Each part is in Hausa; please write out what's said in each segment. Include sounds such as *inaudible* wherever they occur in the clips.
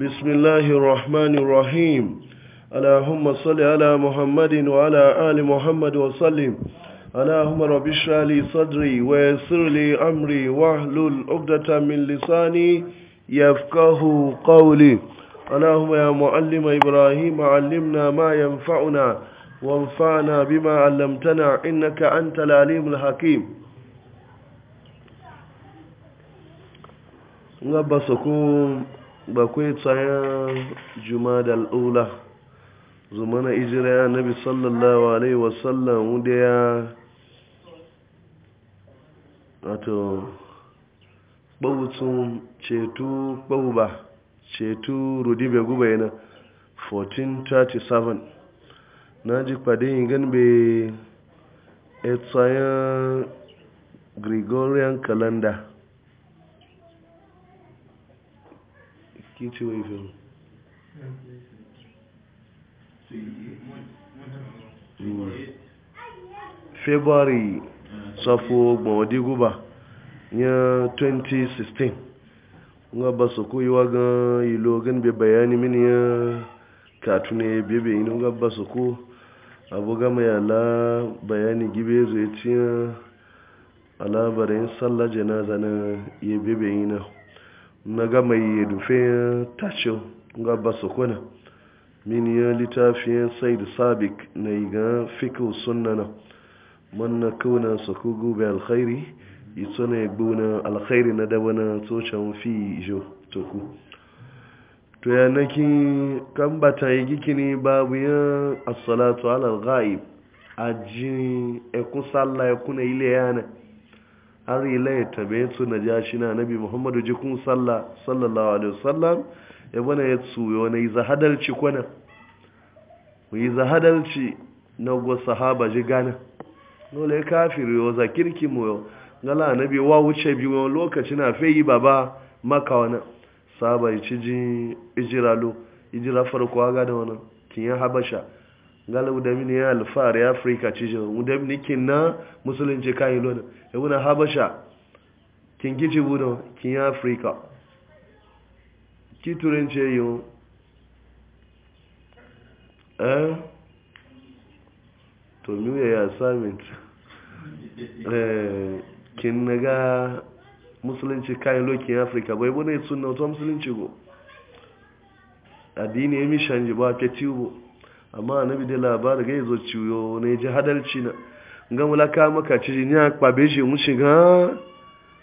بسم الله الرحمن الرحيم اللهم صل على محمد وعلى آل محمد وسلم اللهم رب اشرح لي صدري ويسر لي امري واحلل عقدة من لساني يفقه قولي اللهم يا معلم ابراهيم علمنا ما ينفعنا وانفعنا بما علمتنا انك انت العليم الحكيم ngaba bakwai juma da al'ula zuma na ijira ya nabi sallallahu alaihi wasallam wuda ya wato ɓautun ceto ɓauba ceto bai guba yana 1437 na ji kwade yin ganbe a e tsayan gregorian calendar ki ci wai fi february safo gbọ̀nwọ̀dí gúbà yẹn 2016 nga ba su koyewa gan ilo gan bai bayani mini ya katune bebe inu nga ba su ko abu gama ya la bayani gibe zai ala alabarin sallah janaza na ya bebe ina na gama yi dufin tacin ga basu kuna min ya littafin said sabik na iga fikin sunana man na kauna su ku gube alkhairi ito na gbuna alkhairi na daba na fi yi toku to yanakin kan bata yi gikini babu yin assalatu ala ghaib jini ekun sallah kuna ile yana an ya tabe su na ja shi na nabi muhammadu jikun sallah sallallahu alaihi wasallam ya bane ya tsuyo na yi zahadarci kwana mu yi zahadarci na go sahaba ji gana dole kafir yau za kirki mu yo na nabi wa wuce biyu lokaci na feyi baba maka wani sahaba ya ci ji ijiralo ijira farko ga da wani kin habasha galau da ya alfahari afirka cijin mu da mini kin na musulunci kayi lona ya e habasha kin gici budo kin ya afirka ki turanci yi eh to miwe ya assignment *laughs* eh kin ga musulunci kayan lokin afirka bai e bane sunna to musulunci bu adini ya e ji ba ke tiwo amma annabi da labari ga yazo ciwo ne ji hadarci na ga mulaka maka ci ni akpa beje mu shiga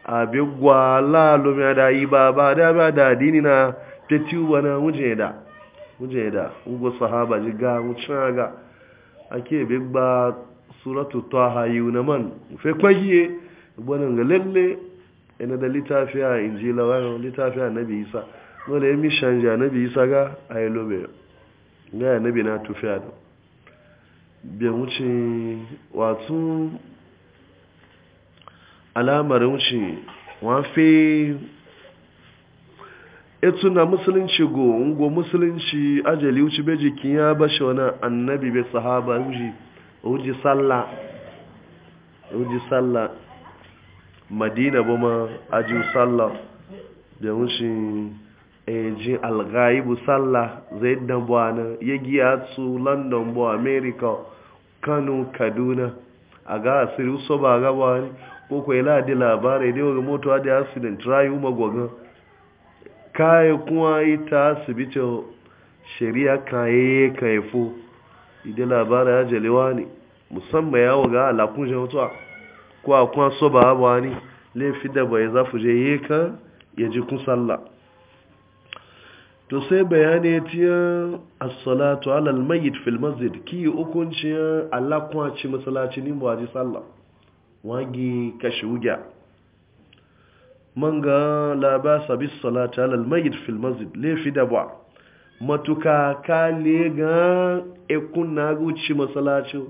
abi gwala lo mi da yi ba ba da ba da dini na tati wana muje da muje da ugo sahaba ji ga mu ga ake be gba suratu taha yuna man fe kwagiye bonan ga lalle ina da littafiya injila wa littafiya nabi isa dole mi shanja nabi isa ga ayi lobe ga nabi na tufi a bai wuce wato alamar wuce wafe etu na musulunci go ngo musulunci ajali wuce bai jikin ya bashi wani annabi bai sahaba wuce wuce sallah wuce sallah madina ba ma ajiyu sallah bai wuce ji alghaibu sallah zai dambuwa na ya giya su london bu america kano kaduna a ga asiri uso ba gaba ne ko kwa ila di labarai da yau moto di accident rayu gwagan kayan kuma ita asibitin shari'a kayaye kayafo idan labarai ajalewa ne musamman ya ga alakun mutuwa ko kuma so ba a ne laifin da bai zafi je yi kan ya ji kun sallah to sai bayani ci as-salatu ala al-mayyit fil masjid ki hukunci Allah kuma ci masallaci ni mu waji sallah wagi kashuga manga la basa bis salati ala al-mayyit fil masjid le fi dabwa matuka kale ga ekun na guci masallaci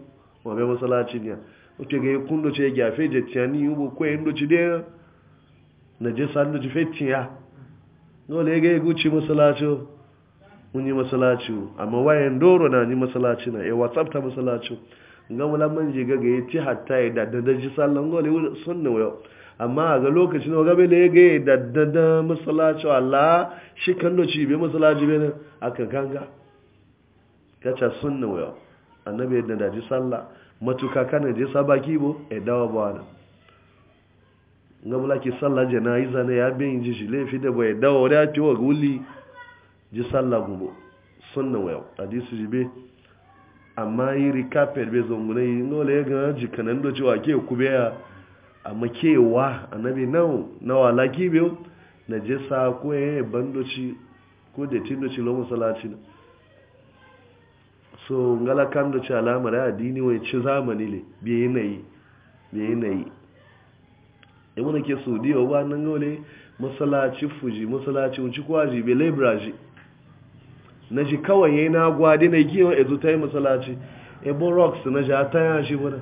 wa be masallaci ne uke ga ekun do ce gafe je tiyani yubo ko endo ci de na je sandu ci fetiya dole ga guci masalacin mun yi masalacin amma wayan doro na ni masallaci na eh whatsapp ta ga wala man je ga ga ti hatta ya da da ji sallan dole sunna wayo amma ga lokacin ga bele ga da da masalacin Allah shi kan doci be masallaci be aka ganga kacha sunna wayo annabi da da ji sallah matuka kana je sabaki bo e dawa ba wannan gamla ki sallah janayiza ne ya bin ji shi laifi da bai dawo wani ya ciwo guli ji sallah gubo sunna wayo hadisi jibe amma yi rikafet bai zongune yi nola ya gana jikanan da cewa ke kube ya amma a annabi nawa nawa laki biyu na je sa ko ya e, yi bandoci ko da tindoci lo musalaci na so ngala kan da alamar ya dini wai ci zamani ne biyayi na yi biyayi na yi ibn ke saudiya ba nan gole masalaci fuji masalaci unci kwaji be lebraji na ji kawai ya yi na gwadi na giyo ezu tai masalaci ebo rocks na ji a ya shi bana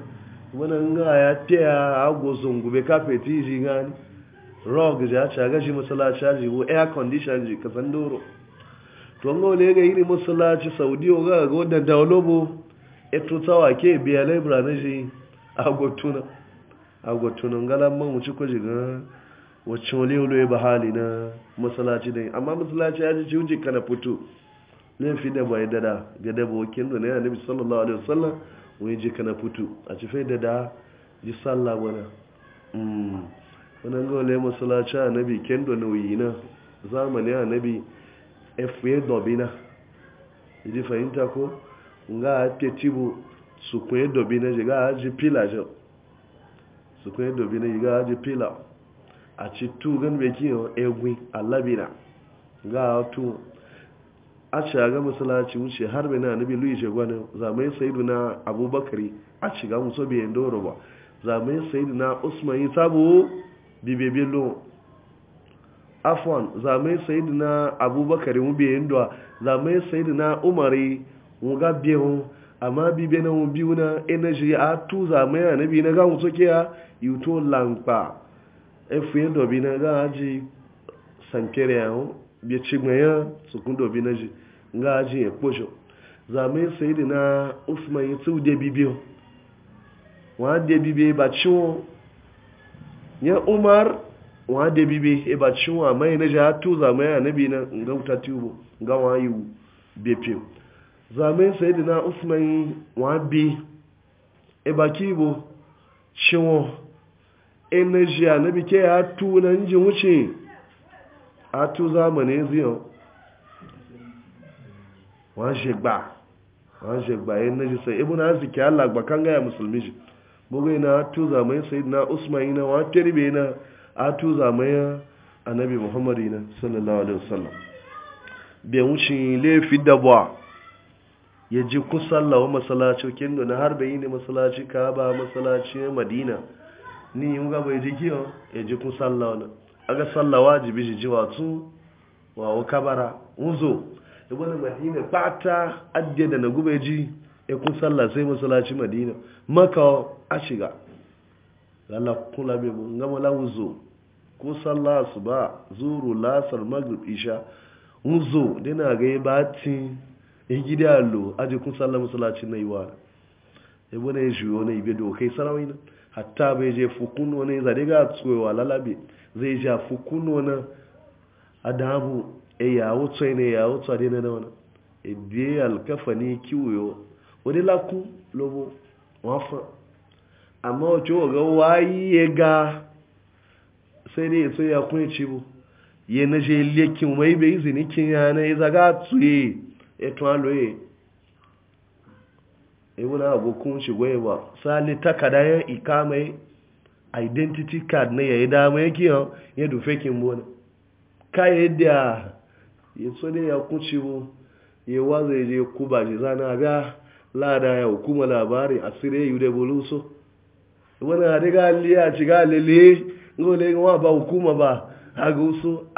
wannan nga ya tiya ago kafe ti ji gani rog ja a ga shi masalaci ji wo air condition ji kasan doro to ngole ga yiri masalaci saudiya ga ga wannan dawlobo ya tutawa ke biya lebra na ji a tuna a agwatunan galamman wuce kwaji ga wacce wani yau ba hali na masalaci da amma masalaci ya ji jiwuji kana fito laifi da bai dada ga daba wakil da na yana nabi sallallahu alaihi wasallam wani ji kana fito a ci fai dada ji sallah wana mm. wani ga wale masalaci a nabi kendo na wuyi na zamani a nabi fa dobina ji fahimta ko nga a tibu su kunye dobina ji ga a ji pila jau su kwenye dobi na yiga ji pila a ci tu gan beki yau a alabira ga tu a ci ga masalaci wuce har bai na nabi luyi shegwani zamai sayidu na abubakari a ci ga muso biyan yin doro ba zamai sayidu na usman yi sabo bibebe lo afon zamai sayidu na abubakari mu biyan yin doa zamai sayidu na umari mu ga amma bi na mu biyu na energy a tuza mai anabi na na mu soke ya yuto lampa efu dobi na ga aji sankere ya ho bi ci ya sukun dobi na ji ga aji ya pojo zamai sayidi na usman yi tsu de o wa de bibe ba ciwo nye umar wa de bibe e ba ciwo mai na a tuza mai anabi na ga wuta tubo ga iwu bepe zamen sayidina usman wabi ibaki e bu ciwo energy na bike ya tu na nji wuce a tu zamanin ziyo wọ́n ṣe gbà wọ́n ṣe gbà yẹn e náà ṣe ibùn náà sì kí alàgbà kángáyà mùsùlùmí ṣe gbogbo sayidina usman yìí náà wọ́n tẹ́rìbẹ̀ na a tu yẹn anabi muhammad yìí náà sallallahu alaihi wasallam bẹ̀rù ṣe lè fi ya ji lawa masalaci kin da har bayi ne masalaci ka ba masalaci madina ni yi gaba ya ji kiyo ya ji lawa na ga sallawa shi ji jiwa tun wawo kabara wuzo ya wani madina ta adiyar da na gube ji ya kusalla sai masalaci madina maka a shiga lalla kula bai mun gama la uzo kusalla su ba zuru lasar magrib isha wuzo dina ga yi batin ya gidi allo aji kun sallar musulacin na iwa ya bane ya shi wani ibe dokai sarawai na hatta bai je fukun wani zade ga tsoyewa lalabe zai ja fukun wani adamu ya yawo tsoye ne yawo tsoye ne na wani ebe alkafa ne kiwoyo wani lakun lobo wafa amma wace waga wayi ya ga sai dai tsoye ya kunye cibo ya na je lekin mai bai zini kin yana ya zaga tsoye eto aloye ebuna abokin shi goye ba sali takada ya ikama identity card ne ya yi dama yake yau ya dufe kin bona ka yadda ya so ne ya mu ya waza hukuma labari a yi da buluso wani a ga lele ba hukuma ba a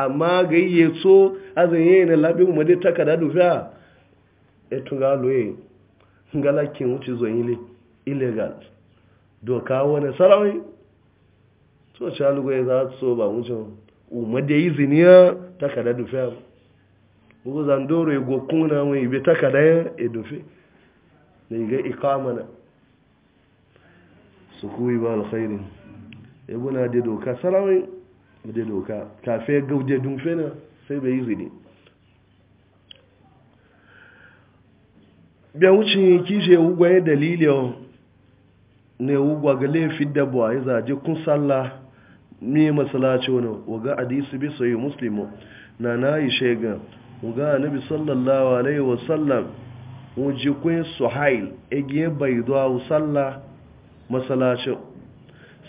amma ga yi na labin mu takada etu ga loye ngalakin wuce zo ile illegal doka wani sarawai to ci ya za su so ba wuce umar da izini ya takada dufe abu bugu zandoro ego kuna mai ibe takada ya edufe da iga ikamana su kuwi ba alkhairin ebuna da doka sarawai da doka kafe gauje dumfe na sai bai izini bia wuce kije ugwaye dalilin ne ugwa ga laifin da buwa ya zaje kun sallah ne masalaci wani waga adisu bi sayi muslimu na na yi shega waga anabi sallallahu alaihi wasallam wuji kun suhail egiye bai zuwa sallah masalaci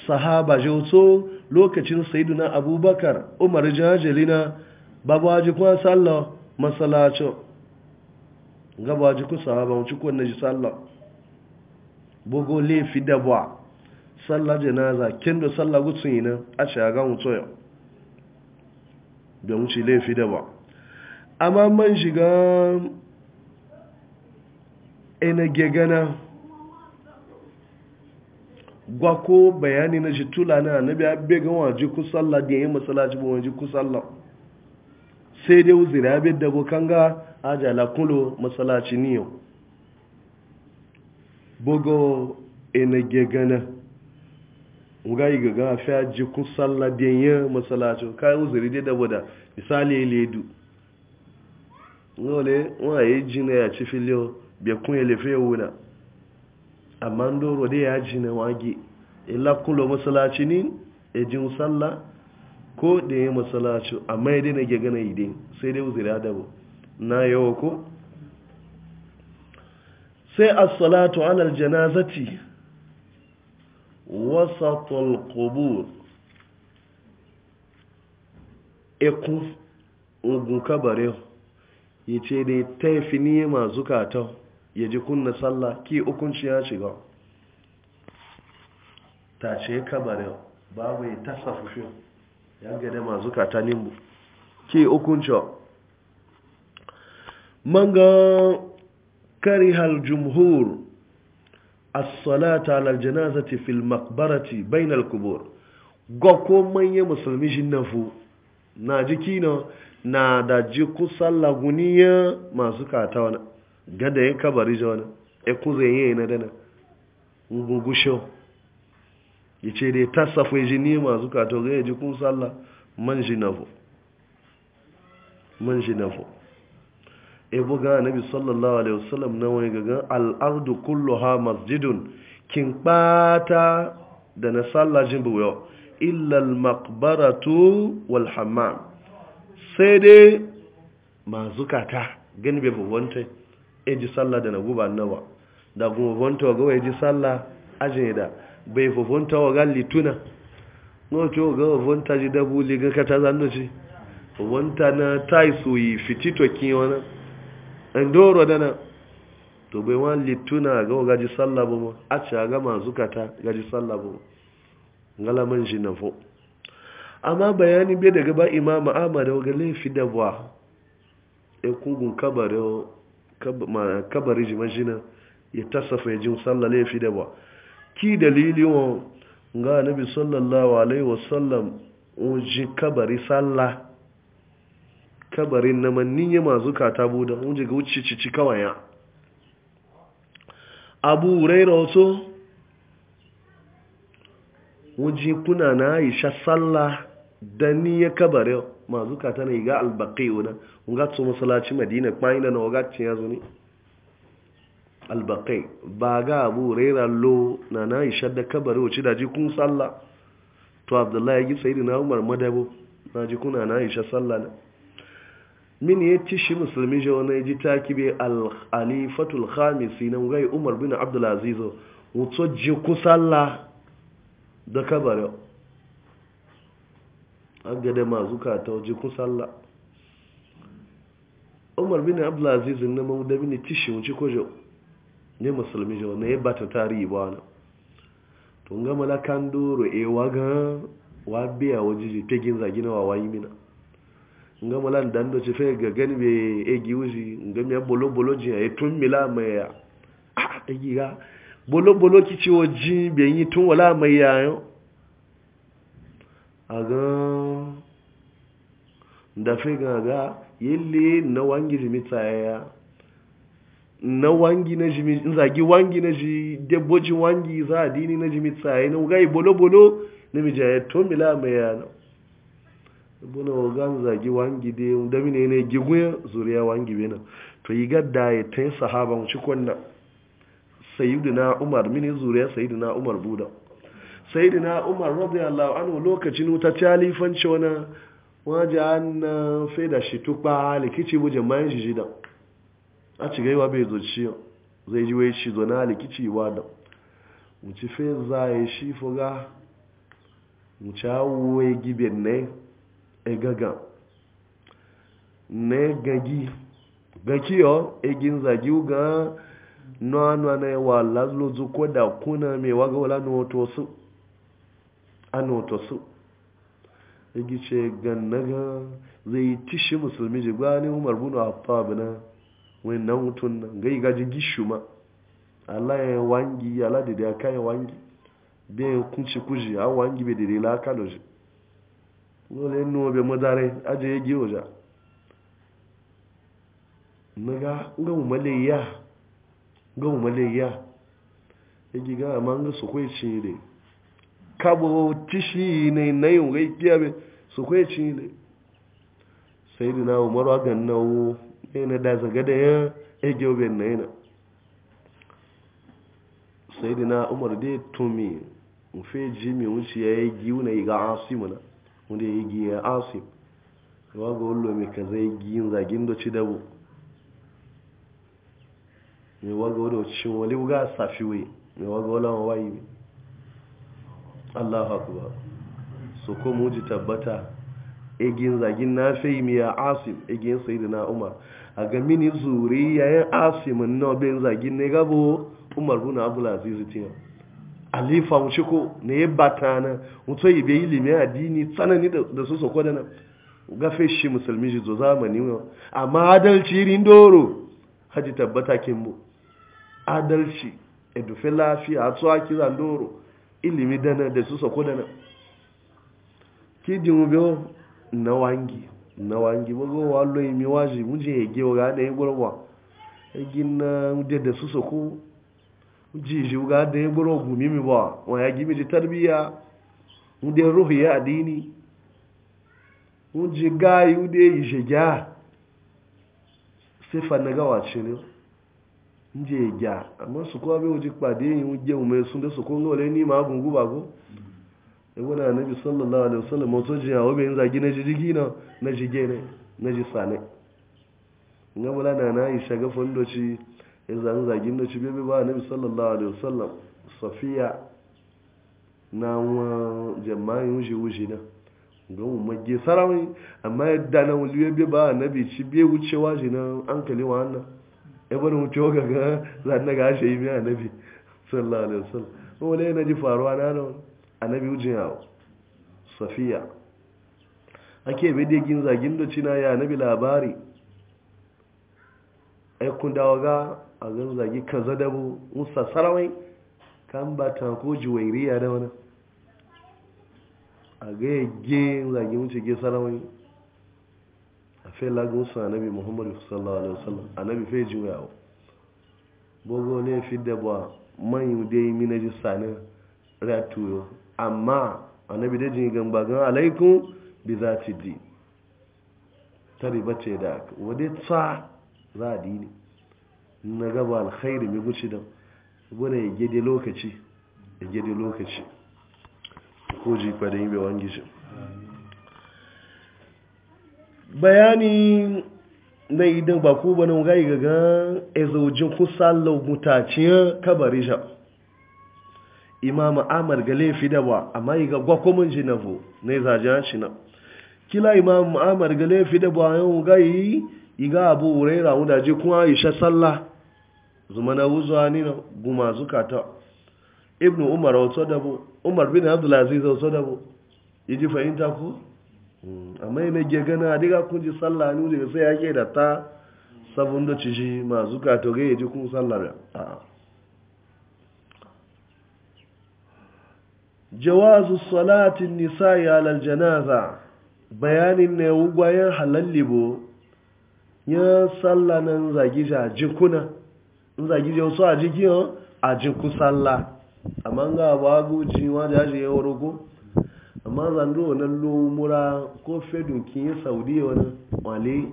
sahaba wuto lokacin sayiduna abubakar umar jajalina babu wajikun kuma sallah masalacin gaba ji ku sahaba wuce ci ko na ji sallah bogo le fi da ba sallah janaza kendo sallah gutsun ina a shaga mu toyo don ci le fi da ba amma man shiga ina gegana gwako bayani na ji tula na annabi abbe ga wa ku sallah da yayin masallaci ba wa ji ku sallah sai dai uzira abin da bokan ga ajala kulo masalaci niyo bugo enage gana nga yi gaga fi aji kun salla denye masalaci kayan uzuri dai da da misali ledu ngole wa yi e jina ya ci filiyo bai kun elefe wuna amma ndoro dai ya jina wagi ila e kulo masalaci ni e ji salla ko da ya masalaci amma ya dai gegana gagana idin sai dai uzuri adabo na yau ko sai as-salatu ala al-janazati wasat al-qubur ekun ugun kabare yace dai taifi ne ma zukata yaji kunna sallah ki hukunci ya shiga ta ce kabare babu ya tasafu shi ya ga da ma zukata nimbu ki hukunci manga hal jumhur as-salata al-janazati fil maqbarati bayna kubur qubur go ko manye musulmi shin nafu na jiki na na da ji ku sallah guniya masu kata wani gada yin kabari ja wani ya ku zai yi na dana gugusho yace dai tasafa ji ni masu kata ga ji kun sallah man shi nafu man shi nafu ebo ga nabi sallallahu alaihi wasallam na wani gagan al'ardu kulluha masjidun kin bata da na sallajin buwayo illal maqbaratu wal hammam sai dai mazukata gani bai e ji sallah da na guba nawa da kuma bubanta ga wai ji sallah ajin da bai bubanta wa galli lituna no to ga bubanta ji dabu ga kata zanno ci na tai soyi fitito kin wannan doro dana to bai wani lituna ga gaji sallah ba a ci ga masu kata gaji sallah ba ngalaman shi na fo amma bayani bai daga ba imama amada ga laifi da ba ya e kugun kabari ji majina ya e tasafa ya e jin sallah laifi da ba ki dalili wa ga nabi sallallahu alaihi wasallam ojin kabari sallah kabarin na mannin ya mazu kata budan wunje ga wuce cici kawai ya abu raira wato wuce kuna na sha sallah da ni ya kabarin mazu kata na ga albaƙi wuna ga su masalaci madina kpanin da na wagacin ya zo ne albaƙi ba ga abu raira lo na na sha da kabarin wuce da ji kun sallah to abdullahi ya gi sayi na umar madabo na ji kuna na sha sallah na min ya ci shi musulmi shi wani ji ta kibe al-khalifatul khamisi na ngai umar bin abdulaziz wuto ji kusalla da kabarin an gada masu kata ji kusalla umar bin abdulaziz na mauda bin ci shi wuce kojo ne musulmi shi wani ya bata tarihi ba wani tun gama lakan doro ewa ga wa biya wajiji pegin zaginawa wayi mina nga mala dando ci fe ga gani be e giwuji nga mi bolo bolo ji e tun mila mai ya ah e ga bolo bolo ki ci oji be yi tun wala mai ya yo aga da fe ga ga yelle na wangi ji ya na wangi na ji gi wangi na ji debboji wangi za dini na ji ya na ga bolo bolo ne mi ja e tun mila mai ya no buna wagan zagi wangi de da mine ne gigun zuriya wangi bena to yi gadda ya yi sahaba mu cikon nan sayyidina umar mini zuriya sayyidina umar buda sayyidina umar radiyallahu anhu lokacin wuta talifan ce wani waje an faida shi tukpa alikici buje man shi jidan a ci gaiwa bai zo ci zai ji wai shi zo na alikici wa da mu ci fe za ya shi fuga mu ci hawo ya gibe ne egaga ne gagi yo egin zagi ga anu na wa lazlo zuko da kuna mai waga wala n'otosu a n'otosu egi ce gannaga zai tishi musulmi ji gani umar bunu affab na wannan mutum na gai gaji gishu ma ala ya wangi ala da da kai wangi bai kunci kuji a wangi bai da la kaloji dole nuna bai madare aje ya giyo ja naga ga umalayya ga umalayya ya giga amma ga su kwai ci ne kabo tishi ne na yin ga su kwai ci ne na umaru a gan nawo yana da ya obi na yana na umar dai tumi nfe ji mai wuce ya yi giyu na yi ga wanda ya gi ya asif wa ga wallo mai ka zai gi zagin da ci dabo mai waga wadda wacce wali wuga safi wai mai waga wala wayi ne allahu ko ji tabbata egin zagin na fai mi ya asif egin na umar a ga mini zuri yayin asimin na obin zagin ne gabo umar bin abdul aziz tiyan alifa wuce ko ne ya bata na mutu yi bai ilimi dini tsanani da su sako da nan gafe shi musulmi shi zo zamani wa amma adalci irin doro haji tabbata kin mu adalci edufe lafiya a tsuwa kiran doro ilimi dana da su sako da nan ki ji mu biyo na wangi na wangi bugo wallo yi mi waji muje ya gewa ga da ya gurwa egin na da su sako jiji ga da ya gburo gumi mi ba wa ya gimi ji tarbiya ude ruhu ya adini uji gayi ude yi shiga sifa na gawa ce ne nje ya amma su kuwa bai uji kpade yi uje ume sun da su kun lole ni ma gungu ba go na nabi sallallahu alaihi wasallam wato jiya zagi na jijigi na na jige ne na jisa ne nga na na yi shaga fondoci ya zan zagin da cibe ba na sallallahu alaihi wasallam safiya na wa jama'in wuce wuce na ga mu mage sarawai amma yadda na ya bi ba na ci cibe wucewa shi na an kali wa annan ya bari wucewa ga ga zan na ga shi yi bi sallallahu alaihi wasallam wani yana ji faruwa na nan bi wuce yawo safiya ake gin zagin da cina ya bi labari ai kun dawo ga a zan zagi kaza da bu musa sarawai kan ba ta ko juwairiya da wani a ga yage zagi wuce ge sarawai a fai lagun su nabi muhammadu sallallahu alaihi wasallam nabi fai juyawa bogo ne fi da ba manyan dai yi mina ji sanin ratuyo amma nabi da jini gan bagan alaikun bi za ci di ta ribace da wadai tsa za a dini na gaba alkhairu mai guci don bane ya gede lokaci ya gede lokaci ko jifa da yi bai wangi shi bayani na idan ba ko ba nan gai gaga ezojin kusan mutaciyar kabari sha imam amar gale fi da ba amma yi ga gwakwamin jinafo na izajen shi na kila imam amar gale fi da ba yau gai yi ga abu wurera wudaje kuma aisha sallah zumana wuzuwa ni na guma zukata ibnu umar wato da bu umar bin abdulaziz wato da bu yi fahimta ku hmm, amma yi mai gegana a diga kun ji sallah ni da sai yake da ta sabon da ci shi ma zukata ga yi ji kun sallah ba jawazu salatin nisa'i alal janaza bayanin ne wugwayen halallibo ya sallanan zagi jikuna in zagi da wasu a jikin a ji kusalla amma nga ba guji wanda ya je yawar ko amma zando wannan lomura ko fedu ki yi saudi wani wale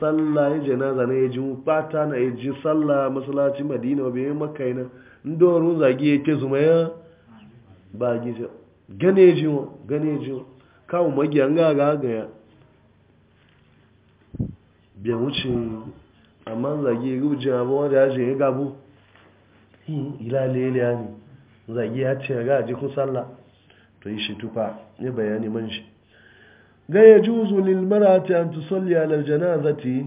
sallah ya na ya ji fata na ya ji sallah masalacin madina bai yi makai na ndoro zagi ya zuma ya ba gije gane ji wa gane ji wa kawo magiyan gaga ga ya biyan amma zage rujin abu wanda ya je gabu ilalele ya ne zage ya ce ga ji kun sallah to yi shi tufa ne bayani man shi ga ya juzu lil marati an tusalli ala aljanazati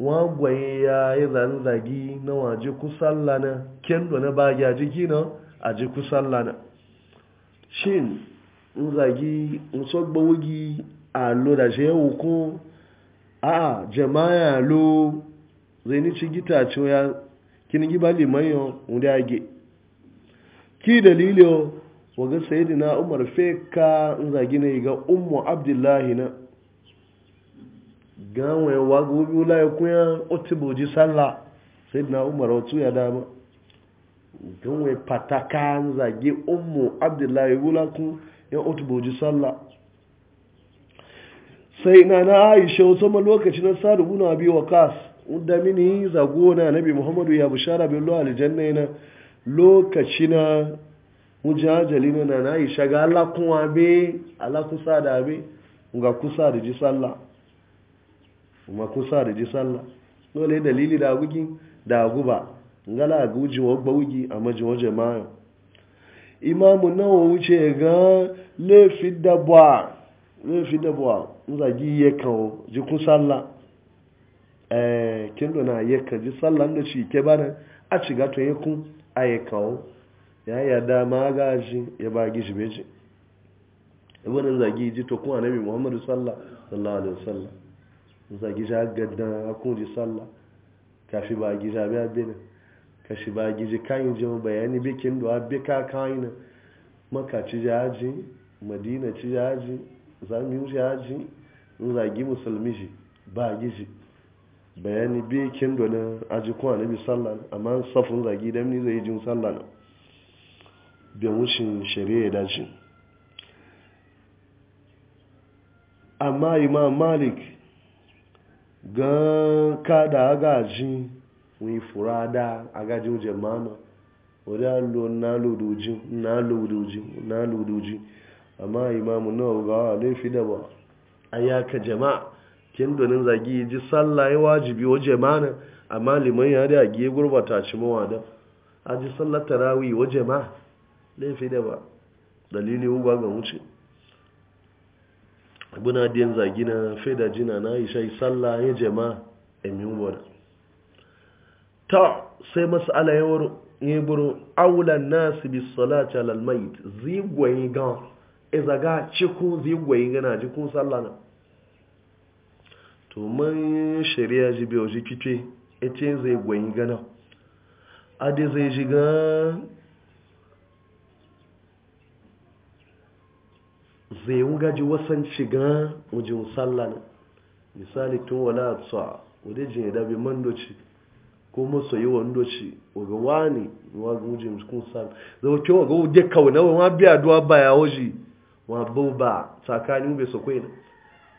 wa ya yi zan na waje ku na kendo na bagya jiki na a ji ku na shin in zagi in sogba wugi a lo da shi ya hukun aa jama'a lo zaini ci gita ce ya kini giba liman yau wanda age ki dalilin waga sayidina umar feka nzagi zagi ne ga ummu abdullahi na gawaye waga wubi wula ya kuya otiboji sallah sayidina umar otu ya dama gawaye pataka in zagi ummu abdullahi wula kun ya otiboji sallah sai na na aisha wasu ma lokaci na sa rubu na biyu wa kas da mini zagona nabi muhammadu ya bishara bin lo aljanna yana lokaci na mujajali na na aisha ga ala kuma be Allah kusa da be ga kusa da ji sallah kuma kusa da ji sallah dole dalili da gugi da guba ngala guji wa gbawugi a maji waje mayan imamu nawa wuce ga laifin dabba min fi dabuwa zagi ya kawo jikun sallah kin dona na ka ji sallah da shi ke bana a shiga tun ya kun a ya kawo ya yarda ma gashi ya ba gishi beji ibn zagi ji to kuma nabi muhammadu sallah sallallahu alaihi wasallam zagi ja gadda kun ji sallah kafi ba gija bi abin kashi ba gije kayin jin bayani bikin do abbe ka kayin maka ci jaji madina ci jaji zami wuce haji in zagi musulmi shi ba gizi bayani bi kin na aji na bi sallan amma safin zagi dan ni zai jin sallan bi wucin shari'a da shi amma imam malik gan kada agaji wi furada agaji uje mama wadda alo na lo doji na lo doji na lo doji amma imamu nawa ga laifi da ba an yaka jama'a kin donin zagi ji sallah ya wajibi wa jama'a amma liman ya da giye gurbata ci mawa da a ji sallar tarawi wa jama'a laifi da ba dalili uba ga wuce abuna din zagi na faida jina na yi shai sallah ya jama'a emi ubar ta sai masala yawar yeburu aulan nasi bis salati alal mayit zigwayi gawa. izaga ciku zigwayin gana jikun sallana to man shari'a ji biyo ji kice ete zai gwayin gana adi zai ji gana, zai yi gaji wasan shiga wajen sallana misali tun wala tsawa wadda jini dabi mandoci ko maso yi wandoci waga wani wajen kun sallah zai wakewa ga wadda kawai na wani biya duwa baya waje wa buba tsakani ube so kwena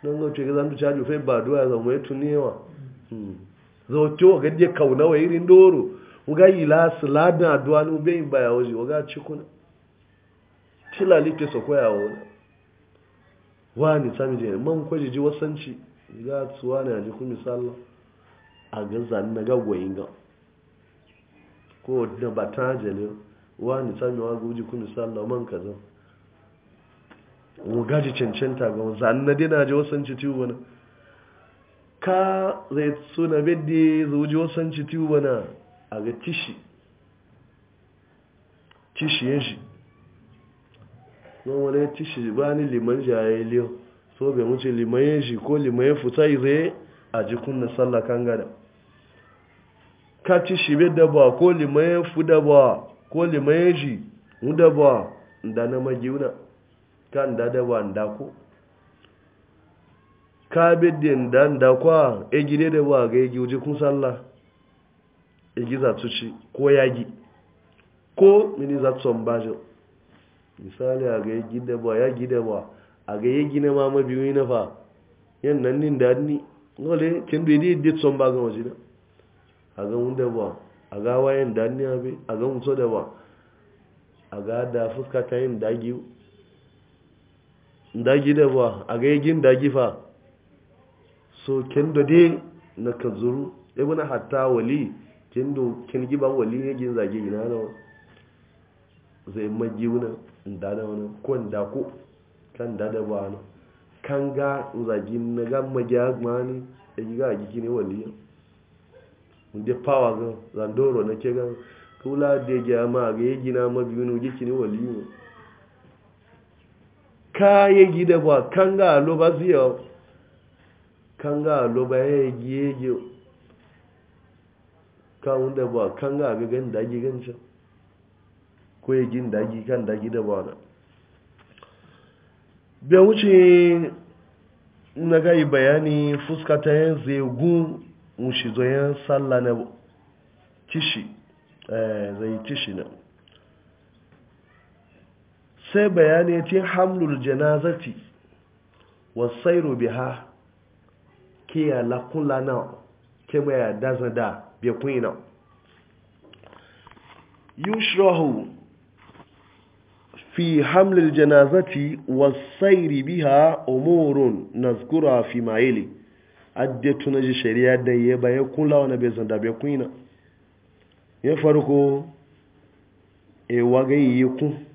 nan ga ce zan duca jufe ba duwa za mu yetu newa hmm. zo to ga je kauna wa irin doro uga ila ladin duwa nu be in baya waje uga cikuna tila lite so koya wona wani sami je man kwaje ji wasanci ga tsuwa na ji ku misalla a ga zan na ga goyin ga ko da batan ne wani sami wa guji ku misalla man kaza gaji cancanta ga wanzu an na dina ji wasan ci tiwo ka zai suna bedde ji wasan ci tiwo a ga tishi tishi yin shi don wani tishi ba ni liman jaye liyo so bai wuce liman yin shi ko liman ya futa yi zai a jikun na sallah kan gada ka tishi bai ba ko liman ya fuda ba ko liman ya ji da ba da na magiuna kan da da ba nda ko ka be den da nda kwa e gide da ba ga yi e uje kun salla e giza tuci ko yagi ko mini za tson bajo misali a ga yi e gida ba ya gida ba a ga yi e gina ma ma biyu na fa yan nan nin da ni ngole kin du yi di son ba ga waje na a ga mun da ba a ga wayan da ni abi a ga mun so da ba a ga da fuska ta yin giyu. dagi da ba a gaigin dagi fa so kendo da dai na kazuru ibn hatta wali kendo do ba wali ne gin zage ina da zai maji wuna da da wani ko da ko kan da da ba na kan ga zage na ga maji agmani da e ga giki ne wali inda power ga zandoro na ke ga kula da ga ma ga yigina mabiyunu giki ne wali ne kaye gida ba kanga alo ba ziyo kanga alo ba yi giye ka da ba kanga bi gan dagi gan can ko ye gin dagi kan dagi da ba na da wuce na ga yi bayani fuska ta yin gun mushi zoyen yin sallah na kishi eh, zai kishi na sai bayani ce hamlul janazati wasairu biha ke ya lakula na ke mai ya daza da bekuni yushrahu fi hamlul janazati wasairi biha umurun nazkura fi maili addatu na ji shari'a da ya baya kula wani bai zanda bekuni ya farko e wagayi yi kun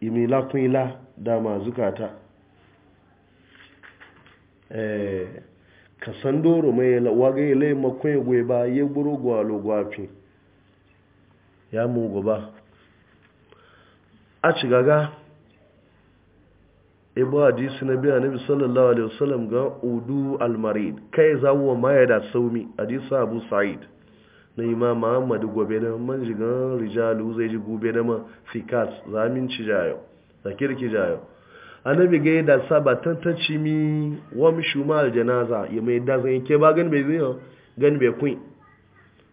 imila kun ila dama zukata eh, ka san doro mai waga ile makon gwe ba ya gburu gwalo gwafi ya mu ba a ci gaga ibu e hadisi na biya nabi sallallahu alaihi wasallam ga udu almarid kai zawuwa maya da saumi hadisi abu sa'id na imam muhammad gobe da manjigan rijalu zai ji gobe da mafikat fikat jayo zakir kirki jayo annabi gai da sabatan ta ci mi wa mishu aljanaza ya mai dazan yake ba gani bai zai gani bai kun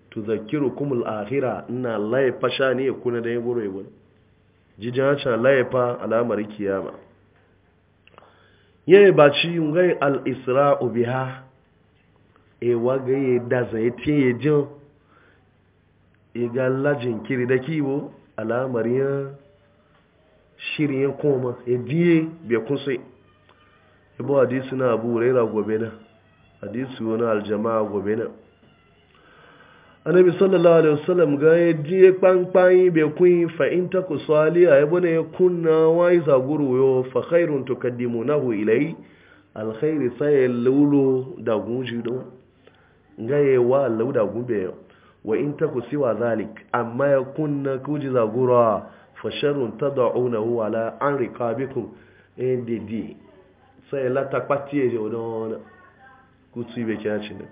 tu zakiru kumul akhira ina laifa sha ne kuna da yabo yabo jijan cha laifa alamar kiyama yayi baci ngai al isra'u biha e wa da zai tiye jin igan lajin kiri da kiwo alamar yin shirin ya koma ediye bai kusa ibo hadisu na abu raira gobe na hadisi wani aljama'a gobe na annabi sallallahu alaihi wasallam ga ya je kpankpan bai kunyi fa in ta ku saliya ya bane kunna zaguru yau guru yo fa na hu ilai alkhairi sai lulu da gunji do ga yi wa lauda gube yo wa in ku siwa zalik amma ya kunna kuji zagura ta dauna tad'unahu ala an rika riqabikum ndd eh, sai la takpati e don kutu ibe ci ne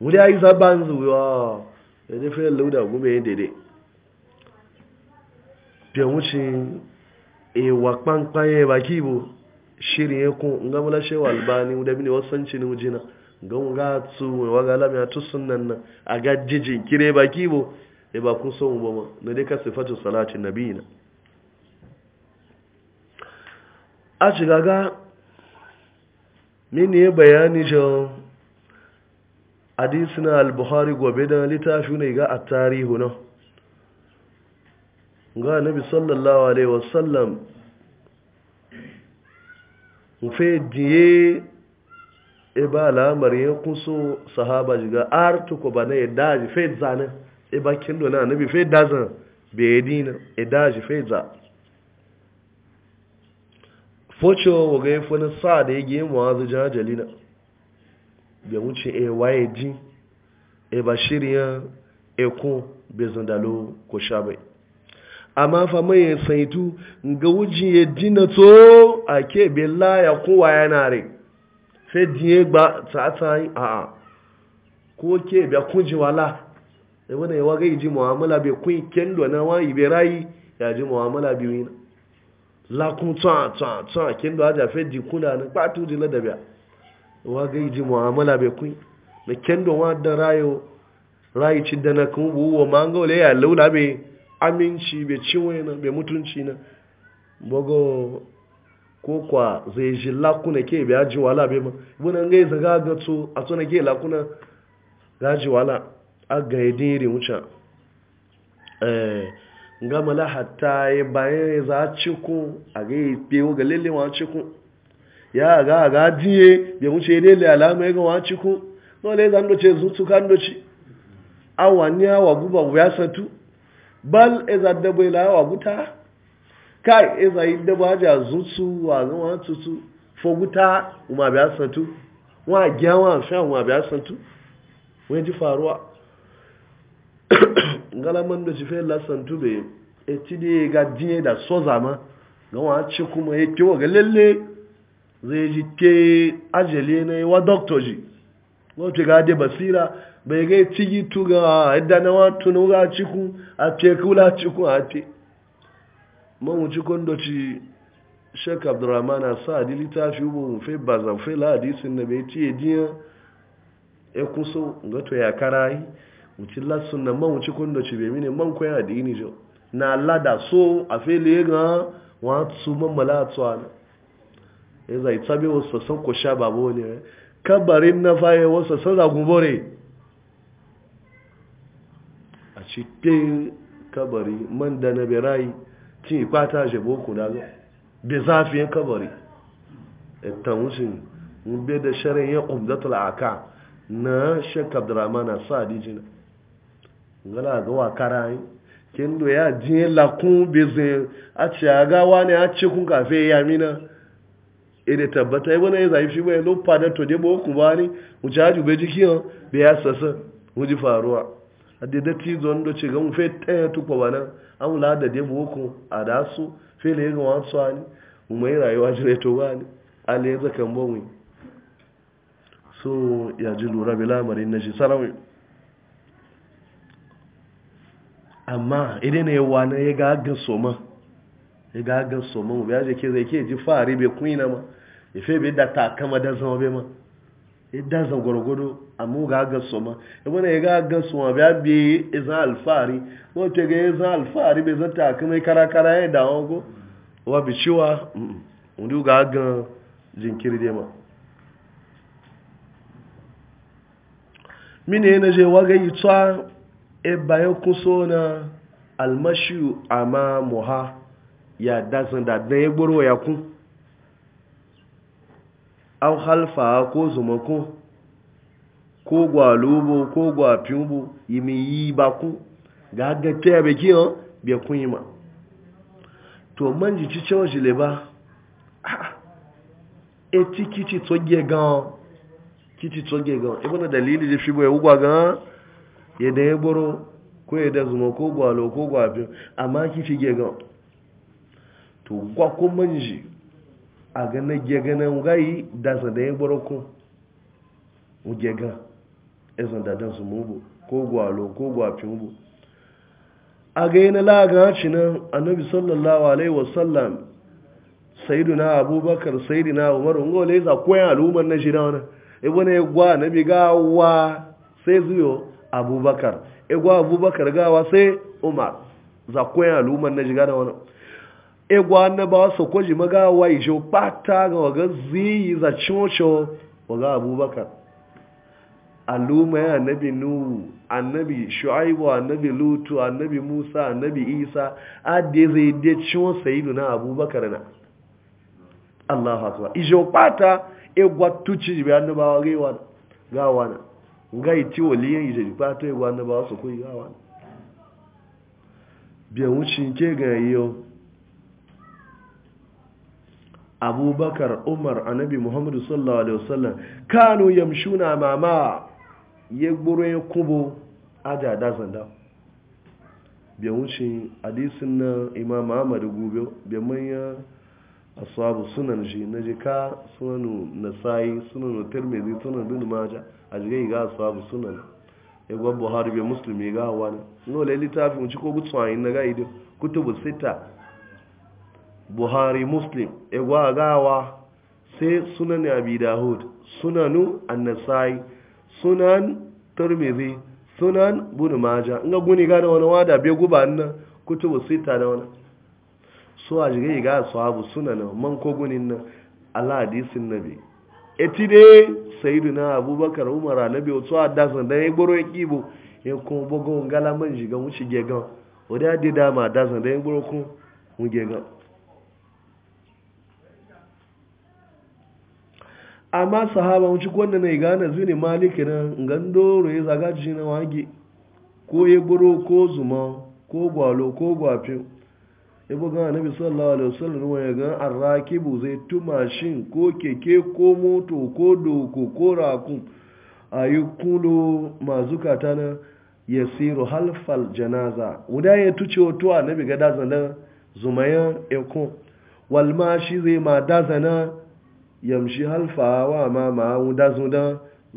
wuri ayi zabanzu wa da dai fere lauda gume yin dede wuce wucin eh, wa kpankpanye baki bu shirin ya kun ngamula shewa albani ne mini wasanci ni wujina don ga tsuwe waga lamya tu sunan nan a gajijin kire ba kibo e ba kun so ba ma na dai ka sifatu salatin nabina a shiga ga mini bayani jo hadisina al-bukhari gobe da littafi ne ga at-tarihu na ga nabi sallallahu alaihi wasallam mu diye ba al'amari ya kuso sahaba jiga artuku ko na ya daji fai zanen e ba kindo na nabi fai be bai dina yadda ji fai za focho waga ya fi na sa da ya gi yin mawazu jajalina bai wuce e waye ji e ba shirya e ko bai zandalo ko sha bai amma fa mai saitu ga wuji ya dina to a ke bai laya kowa yana rai fẹ́ díẹ̀ gba tààtà àà a ke biya kun ji wala da wani yawa ga ji mu'amala bai kun kendo na wani ibe rayi ya ji mu'amala bi wina la kun tsa tsa tsa kendo aja fe di kuna na patu di la da biya e wa ga ji mu'amala bai kun na kendo wa da rayo rayi ci da na kun buwo mango le ya laula be aminci be ciwe na be mutunci na bogo ko kwa zai ji lakuna ke biya ji wala bai ma buna ga yi zaga ga to a to na ke lakuna ga ji wala a ga yi din iri wuce eh ga mala hatta yi bayan ya za ciku a ga yi pewo ga lele wa ciku ya ga ga diye bai wuce lele alama ya ga wa ciku no le zan doce zutu kan doci awani awa guba ya satu bal ezadda bai awa guta kai e eh, za yi daba ja zutu wa zuwa tutu foguta uma biya santu wa gya wa sha uma biya santu wani ji faruwa *coughs* galaman da ci fe la santu be e ti de ga dine da so zama ga wa ci kuma e ke wa ga lalle zai ji ke ajele ne wa doctor ji wato ga de basira bai ga ci e gitu ga yadda e na wa tunu ga ciku a ce kula ciku a ce mawuci kondoci shek abdurrahman sa'adi littafi ubu fe bazan fe lahadisin na bai tiye jiya ya e kuso to ya karayi wuci lassun na mawuci kondoci bai mini man kwaya da yini jo na lada so a fe le ga wasu mammala tsuwa ya e zai tsabe wasu sassan ko sha babu ne eh. kabarin na faye wasu sassan zagubore a cikin kabari man da na birayi ci kwata je na da zafiyan kabari ta wucin mbe da sharin ya umdatul aka na shek na sadi jina ngala ga wa karai do ya je lakun bezin a ci wani a ci kun kafe ya mina Ina tabbata ya wani ya fi bai lo fada to de ba ni mu jaju be jikin be ya sasa mu ji faruwa A adida tizo ndo ce ga mufe taya tukwa ba nan an wula da dai boko a da su fele ga wasu ani mai rayuwa jire to ba ne ala ya zaka bawai so ya ji lura bi lamarin na shi sarawai amma idan ne na ya ga soma ya ga soma mu biya je ke zai ke ji fari bai kuina ma ya fe bai da takama da zama bai ma idan za gwargwado a muga ga gaso ma ibana ya ga gaso ma biya biye izan alfahari ta ga izan alfahari bai zata ka mai karakara ya da ogo wa bi ciwa wani ga ga jinkiri dai ma mine na je waga yi tsa e bayan kuso na almashi ma muha ya dazan da dan ya gboro ya kun au halfa ko zumako ko gwalubo ko gwafimbo imi yi baku ga hagata ya beki yau biya kun yi ma to man ji ci cewa jile ba ah, e ti kici toge gan kici toge gan e bana dalili da fibo ya ugwa gan ya da ya boro ko ya da zuma ko gwalo ko gwafin amma kici ge gan to gwa ko a gana gegana ngayi da su da ya baroko ugega ezan da dan su mubu ko gwalo ko gwafin mubu a ga na laga ci nan annabi sallallahu alaihi wasallam na abubakar na umar ngo le za koyan al'ummar na wani. E wannan ibn ya gwa bi gawa sai zuyo abubakar ya e gwa abubakar gawa sai umar za koyan al'ummar na jira da egwa annaba su kwaji maga wai jo pata ga waga ziyi za coco waga abubakar aluma ya annabi nuhu annabi shu'aibu anabi lutu anabi musa anabi isa ade zai de ciwon sayidu na abubakar na allahu akbar ijo pata egwa tuci bi annabawa gaiwa gawa na ngai iti waliyan ijo pata egwa annabawa su kwaji gawa na biyan wucin ke ga yau abubakar umar annabi muhammadu sallallahu alaihi wasallam kanu yamshuna mama ya gburo ya kubo aja da zanda bai wuce hadisin na imam ahmad gobe bai manya asabu sunan shi na jika sunanu nasayi sunanu tirmidhi sunan bin maja a jika yi ga asabu sunan ya gwa buhari bai musulmi ga wani nola ya littafin ci ko gutsuwa yin na ga ido kutubu sita buhari muslim egwagawa sai sunan abi dahud sunanu annasai sunan turmizi sunan bunu maja nga guni ga da wani wada be guba nan kutubu sita da wani so a jiga ga sahabu sunan man ko gunin nan ala hadisin nabi eti de na abubakar umar otu a adasan dan egboro ekibo yan ko bogo ngala man jiga mu shige gan o da dama dasan dan egboro kun mu amma sahaba wuce wanda na gane zuni maliki nan gandoro ya zaga ji na wangi ko ya ko zuma ko gwalo ko gwafin ya buga nabi sallallahu alaihi wasallam ya ga arrakibu zai tu mashin ko keke ko moto ko doko ko rakun ayyukulo mazukata na yasiru halfal janaza wuda ya tuce wato annabi ga dazana zumayan ekon walma shi zai ma dazana yamshi halfa wa ma ma wuda zuda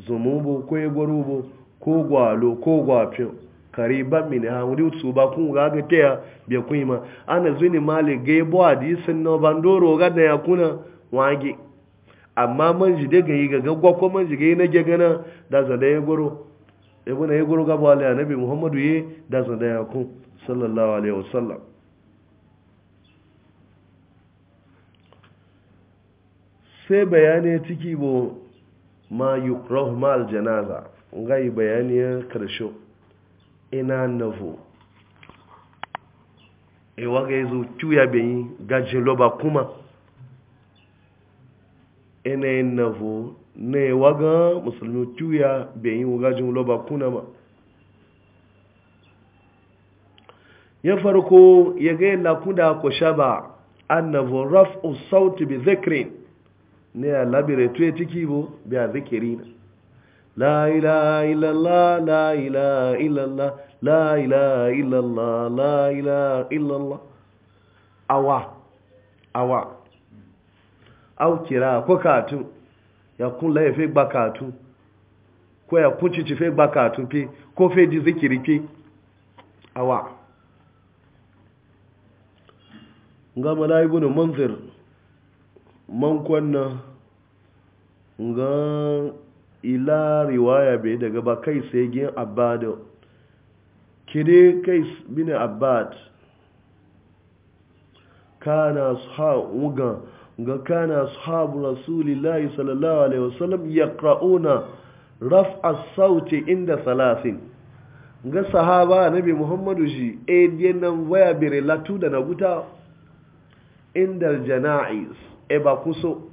zumubu ko egorubu ko gwalo ko gwafin kariban min ha wuri su ba kun ga ga taya be kun ma ana zuni male ge bo hadisin no bandoro ga da yakuna wage amma man ji daga yi ga gagwa ko man ji ga na ge gana da za da goro ya buna ya ga bo ali annabi muhammadu ye da zada yakun sallallahu alaihi wasallam sai bayani ciki bo ma yukrahu ma aljanaza ngai bayani ya karshe ina nafo e waga yazo cuya bayi gajin loba kuma ina nafo ne waga musulmi cuya bayi gajin loba kuna ba ya farko ya ga lakuda ko shaba annabu raf'u sauti bi dhikrin ne ya labire tuye ciki bo biya zikiri na la ilaha illallah la ilaha ilalla la ilaha illallah la awa awa au kira ko katun ya kun la gba katun ko ya kun ci fe gba katun pe ko fe di zikiri pe awa ngama la ibnu munzir man kwanna ga ila riwaya bai daga ba kai sai gin abadin kide kai bin abad kana sahabu ga ga kana sahabu rasulillahi sallallahu alaihi wasallam yaqrauna raf'a sauti inda salasin ga sahaba nabi muhammadu shi e nan waya bere latu da na guta inda jana'is e ba kuso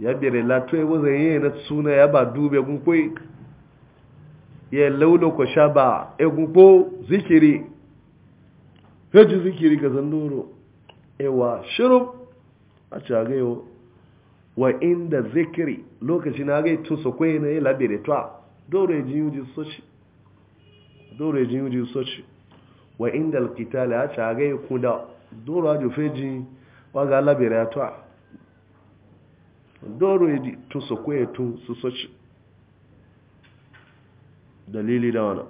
ya bere lato ya e wuzan yi na suna ya ba dube gunkwai ya laulo ko sha ba ya e gunkwo zikiri hajji zikiri ga zandoro ewa shiru a cagayo wa inda zikiri lokaci na gai tun kwaye na ya labere ta dore ji yi soci dore jin yi soci wa inda alkitali a cagayo kuda dore a jufe jin waga labere ta doro yi tun su kwaye tun su soci dalili da wana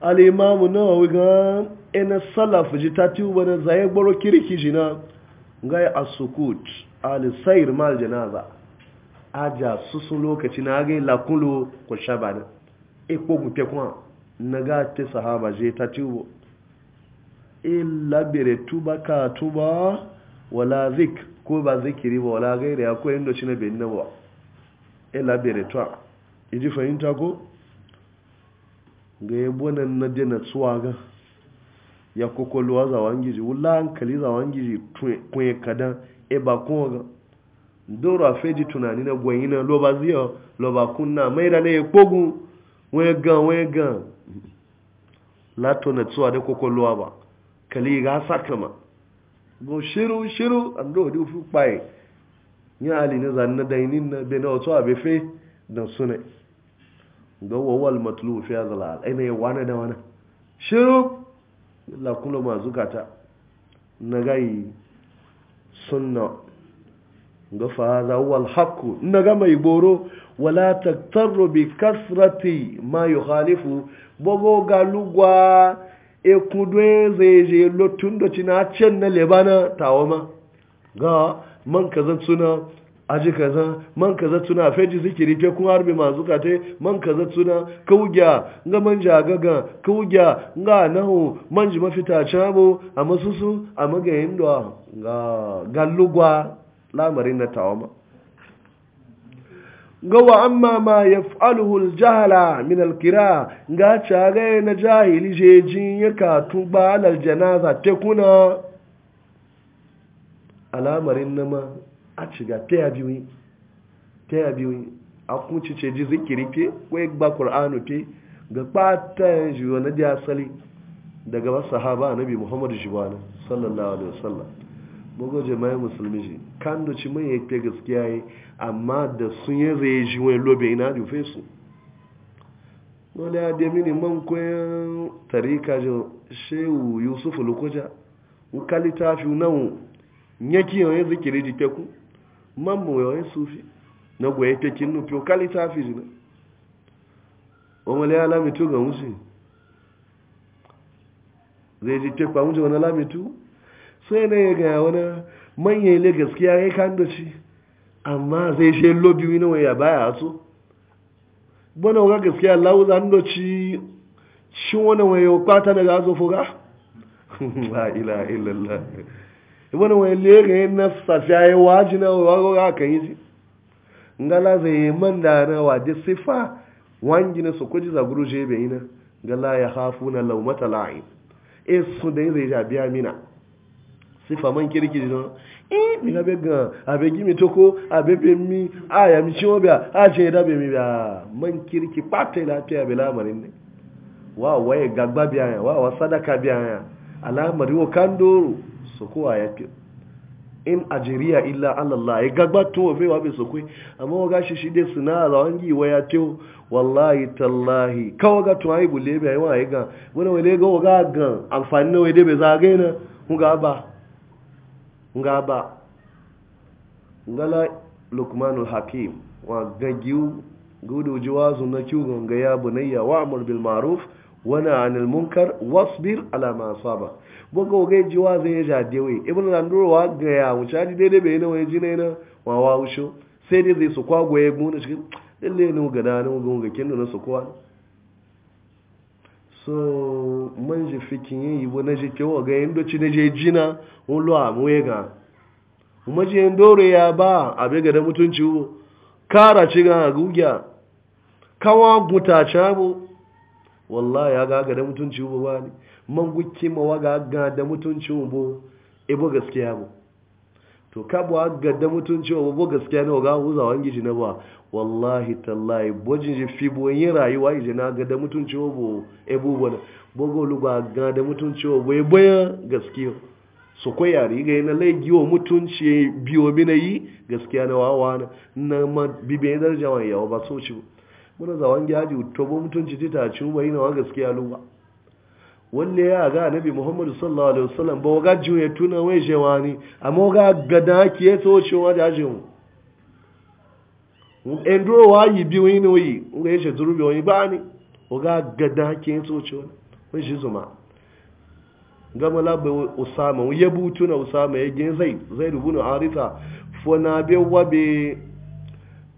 al'imamu na wigan ina salaf ji ta tiwo na zaye gboro kiriki ji na gaya a sukut alisair mal janaza aja susun lokaci na gai lakulo ko shabana ikpo gute kuma na ga te sahaba ji ta tiwo in bere tuba ka tuba wala zik. ko ba zikiri ba wala gaira ya ko inda cina bai nawa ba ila eh, bere ta iji fahimta ko ga yabo nan na dena tsuwa ga ya kokoluwa za wangiji wula hankali za wangiji kunye kadan e ba kun ga doro a feji tunani na gwayi na lo ba ziyo lo ba kunna mai da na ya kogun wani gan wani gan lato na tsuwa da kokoluwa ba kali ga sakama go shiru shiru an do di fu pai ni ali na dainin na be na wato abe fe da sune ga wawal matlu fi hadha al aina ya wana da wana shiru la kullu ma zukata na gai sunna ga fa hadha wal haqq na ga mai boro wala taktaru bi kasrati ma yukhalifu bogo galugwa e kudwe zai je lotun da na can na lebana tawa ma ga man kaza suna aji kaza man kaza suna feji zikiri fe kuma harbe masu kate man kaza suna kawugya ga man jagaga kawugya nga nahu man ji mafita chabo a masusu a magayin da ga gallugwa lamarin na tawama. gawa amma ma ya fa'aluhul jahala min alkira ga care na jahili jejin ya katu ba alal janaza tekuna alamarin nama a ciga ta ya biyu ta a kunci ce ji zikiri ke kwai gba ƙur'anu ke ga fatan jiwa na da daga wasu sahaba nabi muhammadu jibana sallallahu alaihi wasallam bugu jama'in musulmi ji kan doci mai yake gaskiya yi amma da sun yi reji wani lobe ina da ofe su wani ya demi ne man kwayan tarika ji shehu yusuf lokoja nkali ta fi nan nyaki yawon zikiri ji teku man mu yawon sufi na gwaye tekin nufi nkali ta fi jina wani ya lamitu ga wuce zai ji teku a wuce wani lamitu sai na ya ga wani manyan ile gaskiya ya yi da amma zai she lobi wani waya baya so bana ga gaskiya lauza ndo ci shi wani waya kwata daga azo fuga *laughs* la ilaha illallah wani waya lere na safiya ya waji na wago ga kan yi ngala zai man da na wa de sifa wangi na sokoji za guru je be ina ngala ya hafuna laumata la'in e su da zai ja biya mina sifa man kirki don Eh, mina be gan abe gimi toko abe be mi aya mi ciwo biya a ce da be mi biya man kirki pata lafiya be lamarin ne wa waye gagba biya ya wa wa sadaka biya ya alamari wo kan doro so ko aya ke in ajiriya illa allah ya gagba to be wa be so ko amma wa gashi shi dai suna la wangi wa ya te wallahi tallahi kawa ga to ai bule biya wa ya gan wani wale ga wa ga gan amfani ne wa dai be zagaina mu ga ba nga ba la lukmanul hakim wa gagiu gudu jiwazu na kiwon ga ya bunayya wa amur bil ma'ruf wa na anil munkar wasbir ala ma asaba bogo ga jiwazu ya jadewe ibn landuro wa ga ya wuce dai daidai bai na waje ne na wa wa usho sai dai zai su kwagwaye na shi dalle ne ga da ne ga kin na su kwa so manje ji fikin yi na ji kewa ga yin doci na je jina un lo amu ga kuma ji yin doro ya ba abe ga da mutunci wo kara ci ga gugya kawa guta ca bo wallahi ya ga ga da mutunci wo ba ni man ga aga da mutunci wo bụ e gaskiya bo to ka bu ga da mutunci wo bu gaskiya ne ga huzawan giji na ba wallahi tallahi bojin ji fi boyin rayuwa ije na ga da mutunci obo ebubuwa na bogo lugba ga da mutunci obo ya bayan gaskiya su yari. riga yana laigi wa mutunci biyo mina yi gaskiya na wawa na na ma bibiyan daraja wani yawa ba so ci ba muna zawon gyaji tobo mutunci ti ci ba yi na wa gaskiya lugba wanda ya ga nabi muhammadu sallallahu alaihi wasallam ba waga ya tuna wai jewani amma waga gada ke so ci wa jajin mu enduro wa yi bi onye wani nga ya shazuru bi wani bani oga gada ke tsoci wani wani shi zuma gama labe usama ya butu na usama ya gin onye zai rubunu harita fona be wabe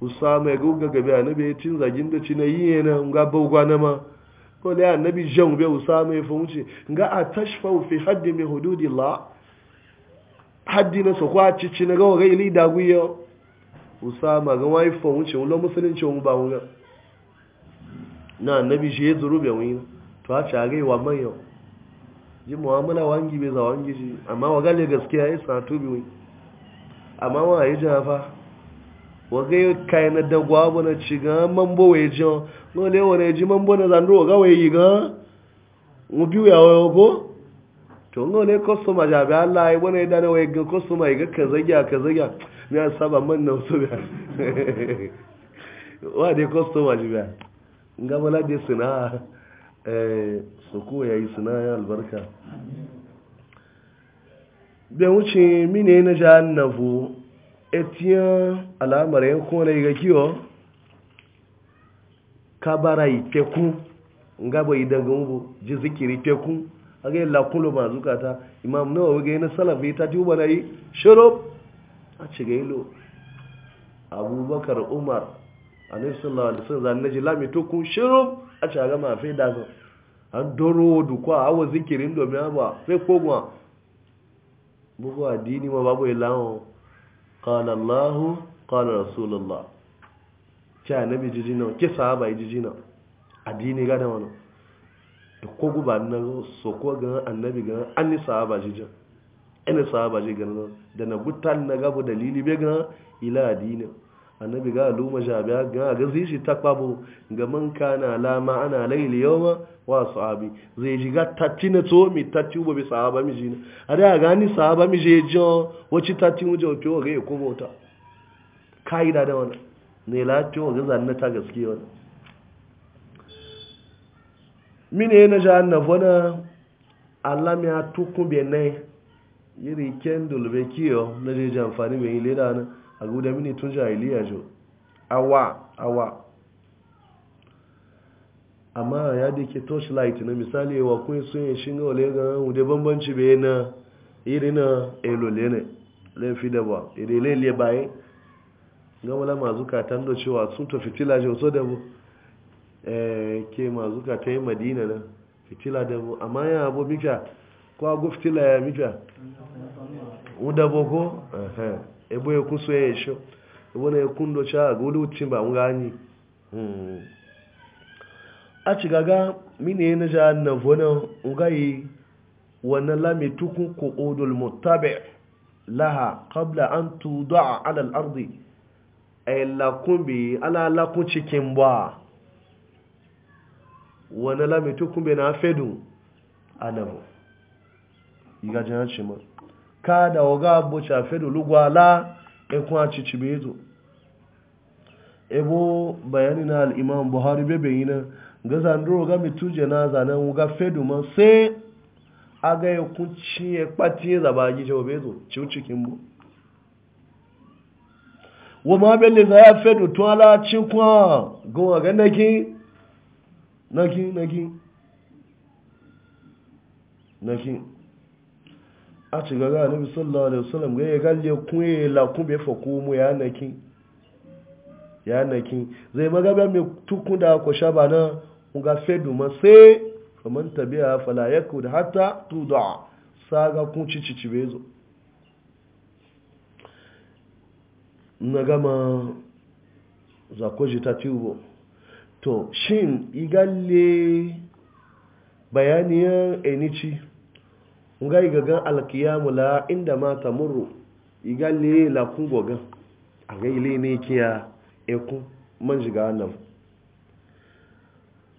usama ya guga gabe annabi ya cin zagin da ci na yi yana nga baugwa na ma ko da annabi usama ga wai fa wuce wala musulunci mu ba wuga na annabi shi zuru bai wina to a gai wa manyan ji mu'amala wangi bai za wangi ji amma wa gale gaskiya ya sa to bi amma wa yi jafa wa ga kai na dagwa bu na ci ga mambo we ji no nole wa ji mambo na wa ga wa yi ga mu biyu ya wa ko to nole kostoma jabi ja Allah ya wani da ya we ga ya ga ka zagiya ka zagiya biya saba man na so biya *laughs* wa de kostoma ji biya gaba mala de sina eh so ko yi suna ya albarka da wuce mine na jahannafu etiyan alamar yankun na iga kiyo kabara itekun ngaba idaga mubu ji zikiri itekun aga yi lakulo ma zukata imam nawa waga yi na salafi ta ji ubana yi shirop a ci ilo abubakar umar a nisan na nisan zanen ji lami to kun shirin a ci ga mafi dazin an doro dukwa awa zikirin domin ba sai kogwa bugu addini ma babu ilawon قال allah قال رسول الله nabi jijina ke sahaba jijina addini ga da wani da kogu ba na so ko ga annabi ga an ni sahaba jijina ene sahaba je ganin da na gutan na gabu dalili be ganin ila dini annabi ga luma jabi ga ga zai shi takbabu ga man kana la ma ana laili yawma wa sahabi zai ji ga tatti na to mi tatti bo be sahaba mi jina ada ga gani sahaba mi je jo wace tatti mu jo to ga ko bota kai da da wannan ne la to ga zanna ta gaskiya wannan mine na jahannafona Allah ya tukun benin yiri kendul be kiyo na je ji amfani mai yi leda a guda mini tun jahiliya jo awa awa amma ya da ke torchlight na misali wa kun sun yi shinga wale ga wude bambanci be na iri na elole ne fi da ba iri lele bayan gama la masu katan da cewa sun to fitila jo so da bu eh, ke ta yi madina na fitila da bu amma ya abu kwa gufti ya mifa uda ko ehe ebo ekuso yesho ebona yekundo cha gulu uchimba unganyi hmm achigaga mine ne ja na vona ungayi wana lami tukun qu'udul muttabi laha qabla an tudaa ala al-ardi ay lakun bi ala lakun cikin ba wana lami tukun be na fedu anabo igajin hanci ma ka da waga abu shafe da lugwala ikun achichi cibe zo ebo bayani na al'imam buhari bebe yi na ga zanduro ga mitu janaza na wuga fedu ma sai aga ya chi ya kpati ya zaba gi jawa bezo cikin bu wa ma belle za ya fedu tun ala cin kuma gowa ga naki naki naki naki a ci gaga annabi sallallahu alaihi wasallam ga ya galle kuye la kun be fa mu ya naki ya naki zai magaba ma tukun da ko shaba na mun ga fedu ma sai faman tabiya fala yakud hatta sa saga kun ci ci ci bezo na gama ji ta tubo to shin igalle bayaniyar enici ngai gagan alkiyamu la inda ma tamuru igalle la kun gogan a gaile ne kiya ekun man shiga annabu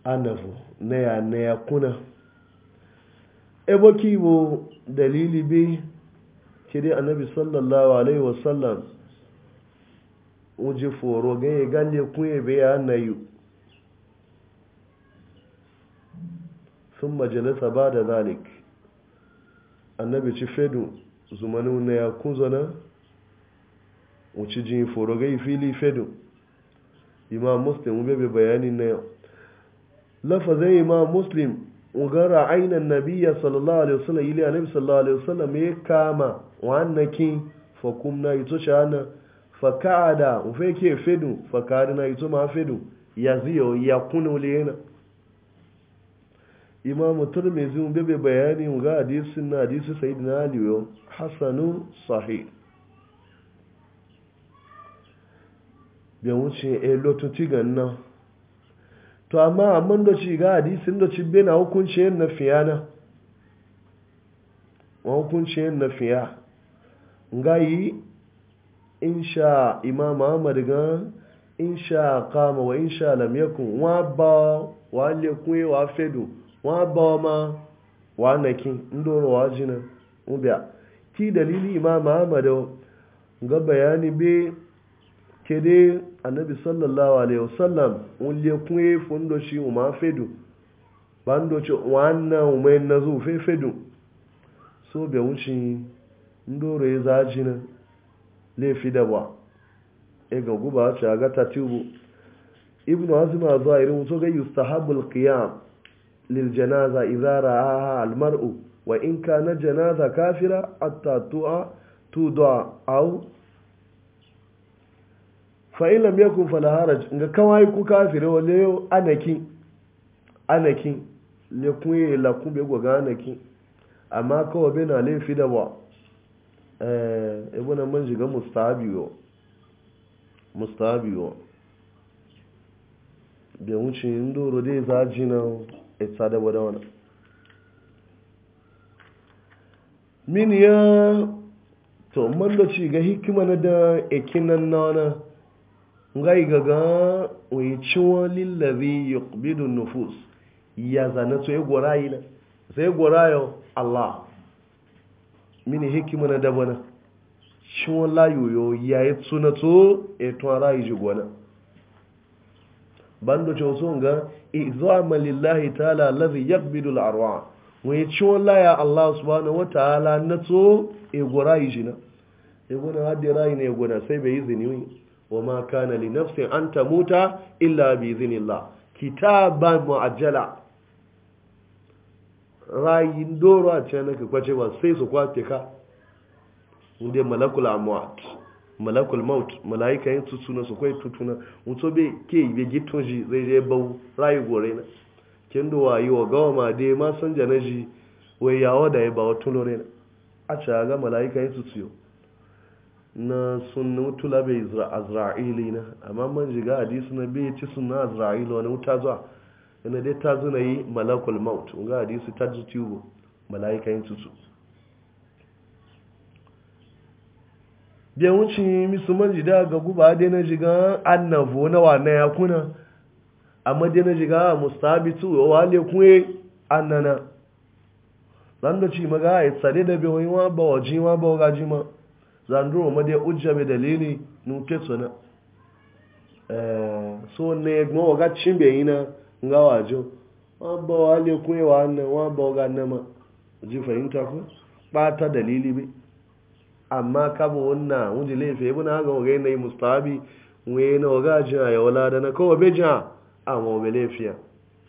annabu na ya na ya kuna ebo bo dalili bi kiri annabi sallallahu alaihi wasallam oje foro ga ya galle kun ebe ya annayu ثم جلس بعد zalika annabi ci fedu zumanin na ya kunzo na wucijin forogai fili fedu imam muslim bebe bayanin na yau lafazin imam muslim ugara ainihin nabiya sallallahu alaihi wasallam ili annabi sallallahu alaihi wasallam ya kama wannakin fakum na ito shana fakada ufe ke fedu fakada na ito ma fedu ya ziyo ya kuna wule yana imamu turmizi mun bebe bayani ga hadisin na hadisi sayyidina na yo hasanu sahi bi wuce e lotu tigan nan to amma amma da ci ga hadisin da ci bena hukunci yin fiya na wa hukunci yin nafiya ngayi insha imam ahmad ga insha qama wa insha lam yakun wa ba wa lekun wa fedo wa ba ma wa nakin ndoro wa jina ubiya ti dalili imam ahmad ga bayani be kede annabi sallallahu alaihi wasallam un le kun fundo shi o ma fedu bando ci wannan umai na zu fe fedu so be wuci ndoro ya e zaji na le fi da ba e ga guba ci aga tatubu ibnu azim azairin so ga yustahabul qiyam lil janaza idza ra'aha al mar'u wa in kana janaza kafira hatta tu'a tud'a aw fa in lam yakun fala haraj nga kawai ku kafire wale anakin anakin le kun la be goga anakin amma kawai na laifi da wa. isa da wani min ya to man da ci ga hikima na da ikinan nana wani ngai gaga wai ciwo lillazi yuqbidu nufus ya zana to ya gora yi na sai gora yo Allah min hikima na da bana ciwo layoyo ya yi tsunato ya e tuwa rayu ji gwana bando cewa sun ga izama lillahi ta'ala lazi yakbidu Mu wani ciwon laya Allah na wata ala na tso egora yi shi na egona hadde rayu na sai bai yi zini wa ma kana li nafsin an ta muta illa bi ba mu ajala rayin doro a na ka kwace ba sai su kwace ka inda malakula amwat malakul maut malaika yin tutuna su kwai tutuna mutu be ke be gitun shi zai zai bau rayu gore na kin wa yi wa gawa ma dai ma san shi wai yawo da ya bawo tulore na a ca ga malaika yin tutuyo na sunna mutula be azra'ili na amma man ga hadisi na be ci sunna azra'ili wani wuta zuwa yana dai ta zuna yi malakul maut ga hadisi ta tutubo malaika yin tutuyo bai wuce musulman jida ga guba dai na jiga annabo na wannan ya kuna amma dai na jiga mustabitu wa wale kuwe annana zan da ci maga ya tsare da bai wa ba waji wa ba gaji ma zan duro ma dai ujja mai dalili nuke tsona eh, so ne gmo waga cin bai na nga wajo wa ba wale kuwe wa annan wa ba waga nama ji fahimta ku ba ta dalili bai amma kama wannan wunji laifi ya buna haka wagai na yi mustabi wai na waga jina ya wala da na kowa bai jiya a mawabe laifiya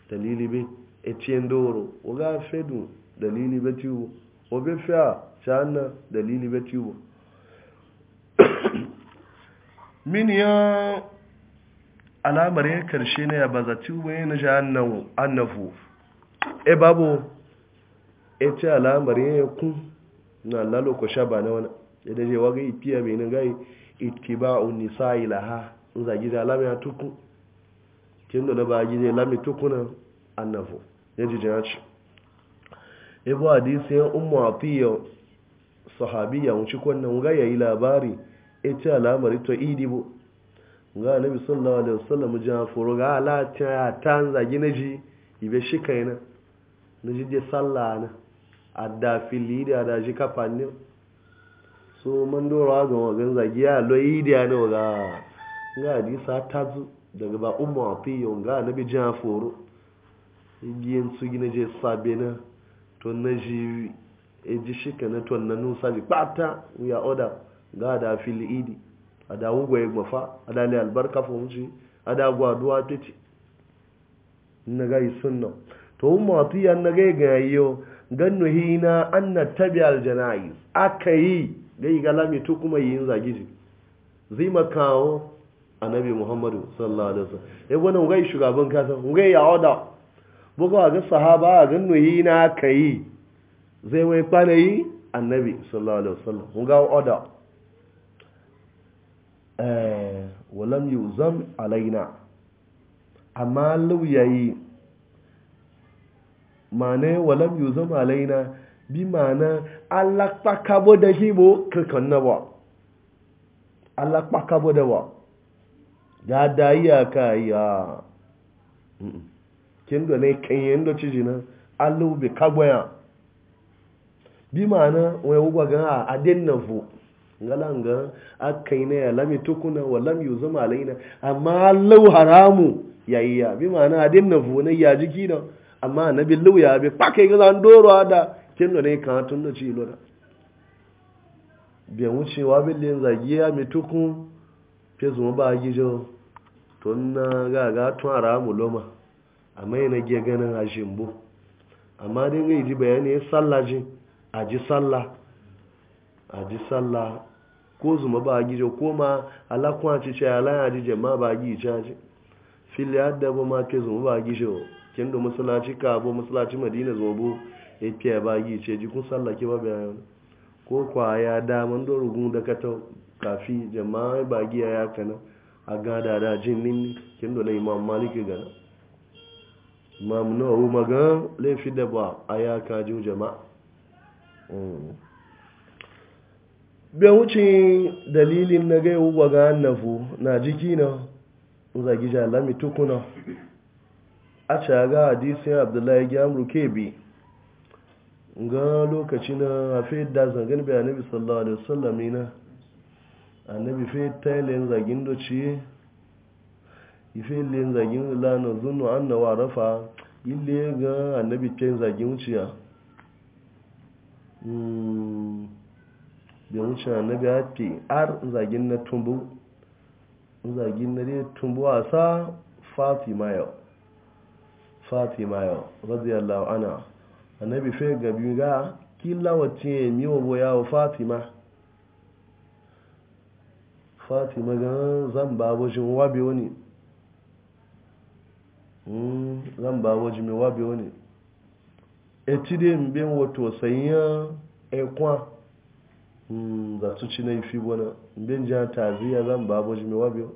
dalili bai etiyen doro waga fedu dalili bai tiwo wabe fiya shana dalili bai tiwo *coughs* min ya alamar ya karshe na ya za tiwo ya na ji annafu e babu eti alamar ya kun na lalo ko shaba na wani ya da jewa ga ipiya mai nan gai ittiba'un nisa'i laha in zagi zai lami a tuku kin da ba gide lami tukuna annafu ya ji jinaci ibu hadisi ya ummu atiya sahabiya wuce kwanan ga yi labari ita alamari to idibo ga nabi sallallahu alaihi wasallam ja furu ga ala ta tan zagi ji ibe na naji de sallah na da fili da da ji ne so man dora ga wagan zagi ya loyi da ya nawa ga ga hadisa ta tazu daga ba umma fi yau ga na bi jiya foro igiyin su gina je sabe na to na ji e ji shika na to na nusa bi pata ya oda ga da fil idi ada wugo ya gbafa ada le albarka fa a ada gwa duwa tici na ga sunna to umma wa fi na ga ga yo gannu hina an na tabi aljanayi aka yi dai ga lami to kuma yin zagi ji zai makawo annabi muhammadu sallallahu alaihi wasallam ya gwanin gai shugaban kasa gai ya oda buga ga sahaba a gannu yi na kai zai wai kwana yi annabi sallallahu alaihi wasallam ga oda eh walam yuzam alaina amma lauyayi ma ne walam yuzam alaina bi ma'ana alakpa kabo da hibo kakan na ba alakpa kabo da ba ya da iyaka ya kin da ne kanyen da ciji na alobe kagbaya bi ma'ana wani ugwa gan a adin na fu galanga akai na ya lami tukuna wa lam yu zama alaina amma lau haramu yayya ya bi ma'ana adin na fu na ya jiki na amma na billu ya bi pakai ga zan doro da kin da ne kan tun da ci lona bi wuce wa bi len zagi ya mi tukun fe zuma ba gijo tun na ga ga tun ara mu loma amma yana ge ganin hashin bu amma dai ga ji bayani sallah ji a ji salla a ji salla ko zuma ba gijo ko ma alakwa ci ce ala ya ji jama ba gi ci ji fil yadda ba ma ke zuma ba gijo kin da masallaci ka bo masallaci madina zo ya fiye ba yi ce jikun sallake ba bayan ko kwa ya daman da rugun da ka kafi jama'a ba giya ya kana a gada da jin nin kin dole imam maliki gana imam nawawi magan laifi da ba a ya kaji jama'a mm. bai wuce dalilin na gaiwu ba ga annafu na jiki na zagi jalami tukuna a caga hadisin abdullahi gyamru kebi ga lokaci na hafi da zagin bai annabi sallallahu alaihi wasallam ina annabi fe tailen zagin doci ife len zagin lanar na zunnu anna wa rafa ille ga annabi yi zagin wuciya da hmm. bi wuce annabi hafi ar zagin na tumbu zagin na dai tumbu wasa sa fatima yau fatima yau radiyallahu anha annabi fe gabi ga kila wace mi wa boya wa fatima fatima ga zan ba wajin wabe wani zan ba wajin mai wabe wani e ti de mbe wato sanya ekwa za su ci na ifi bona mbe jiya taziya zan ba wajin mi wabe wani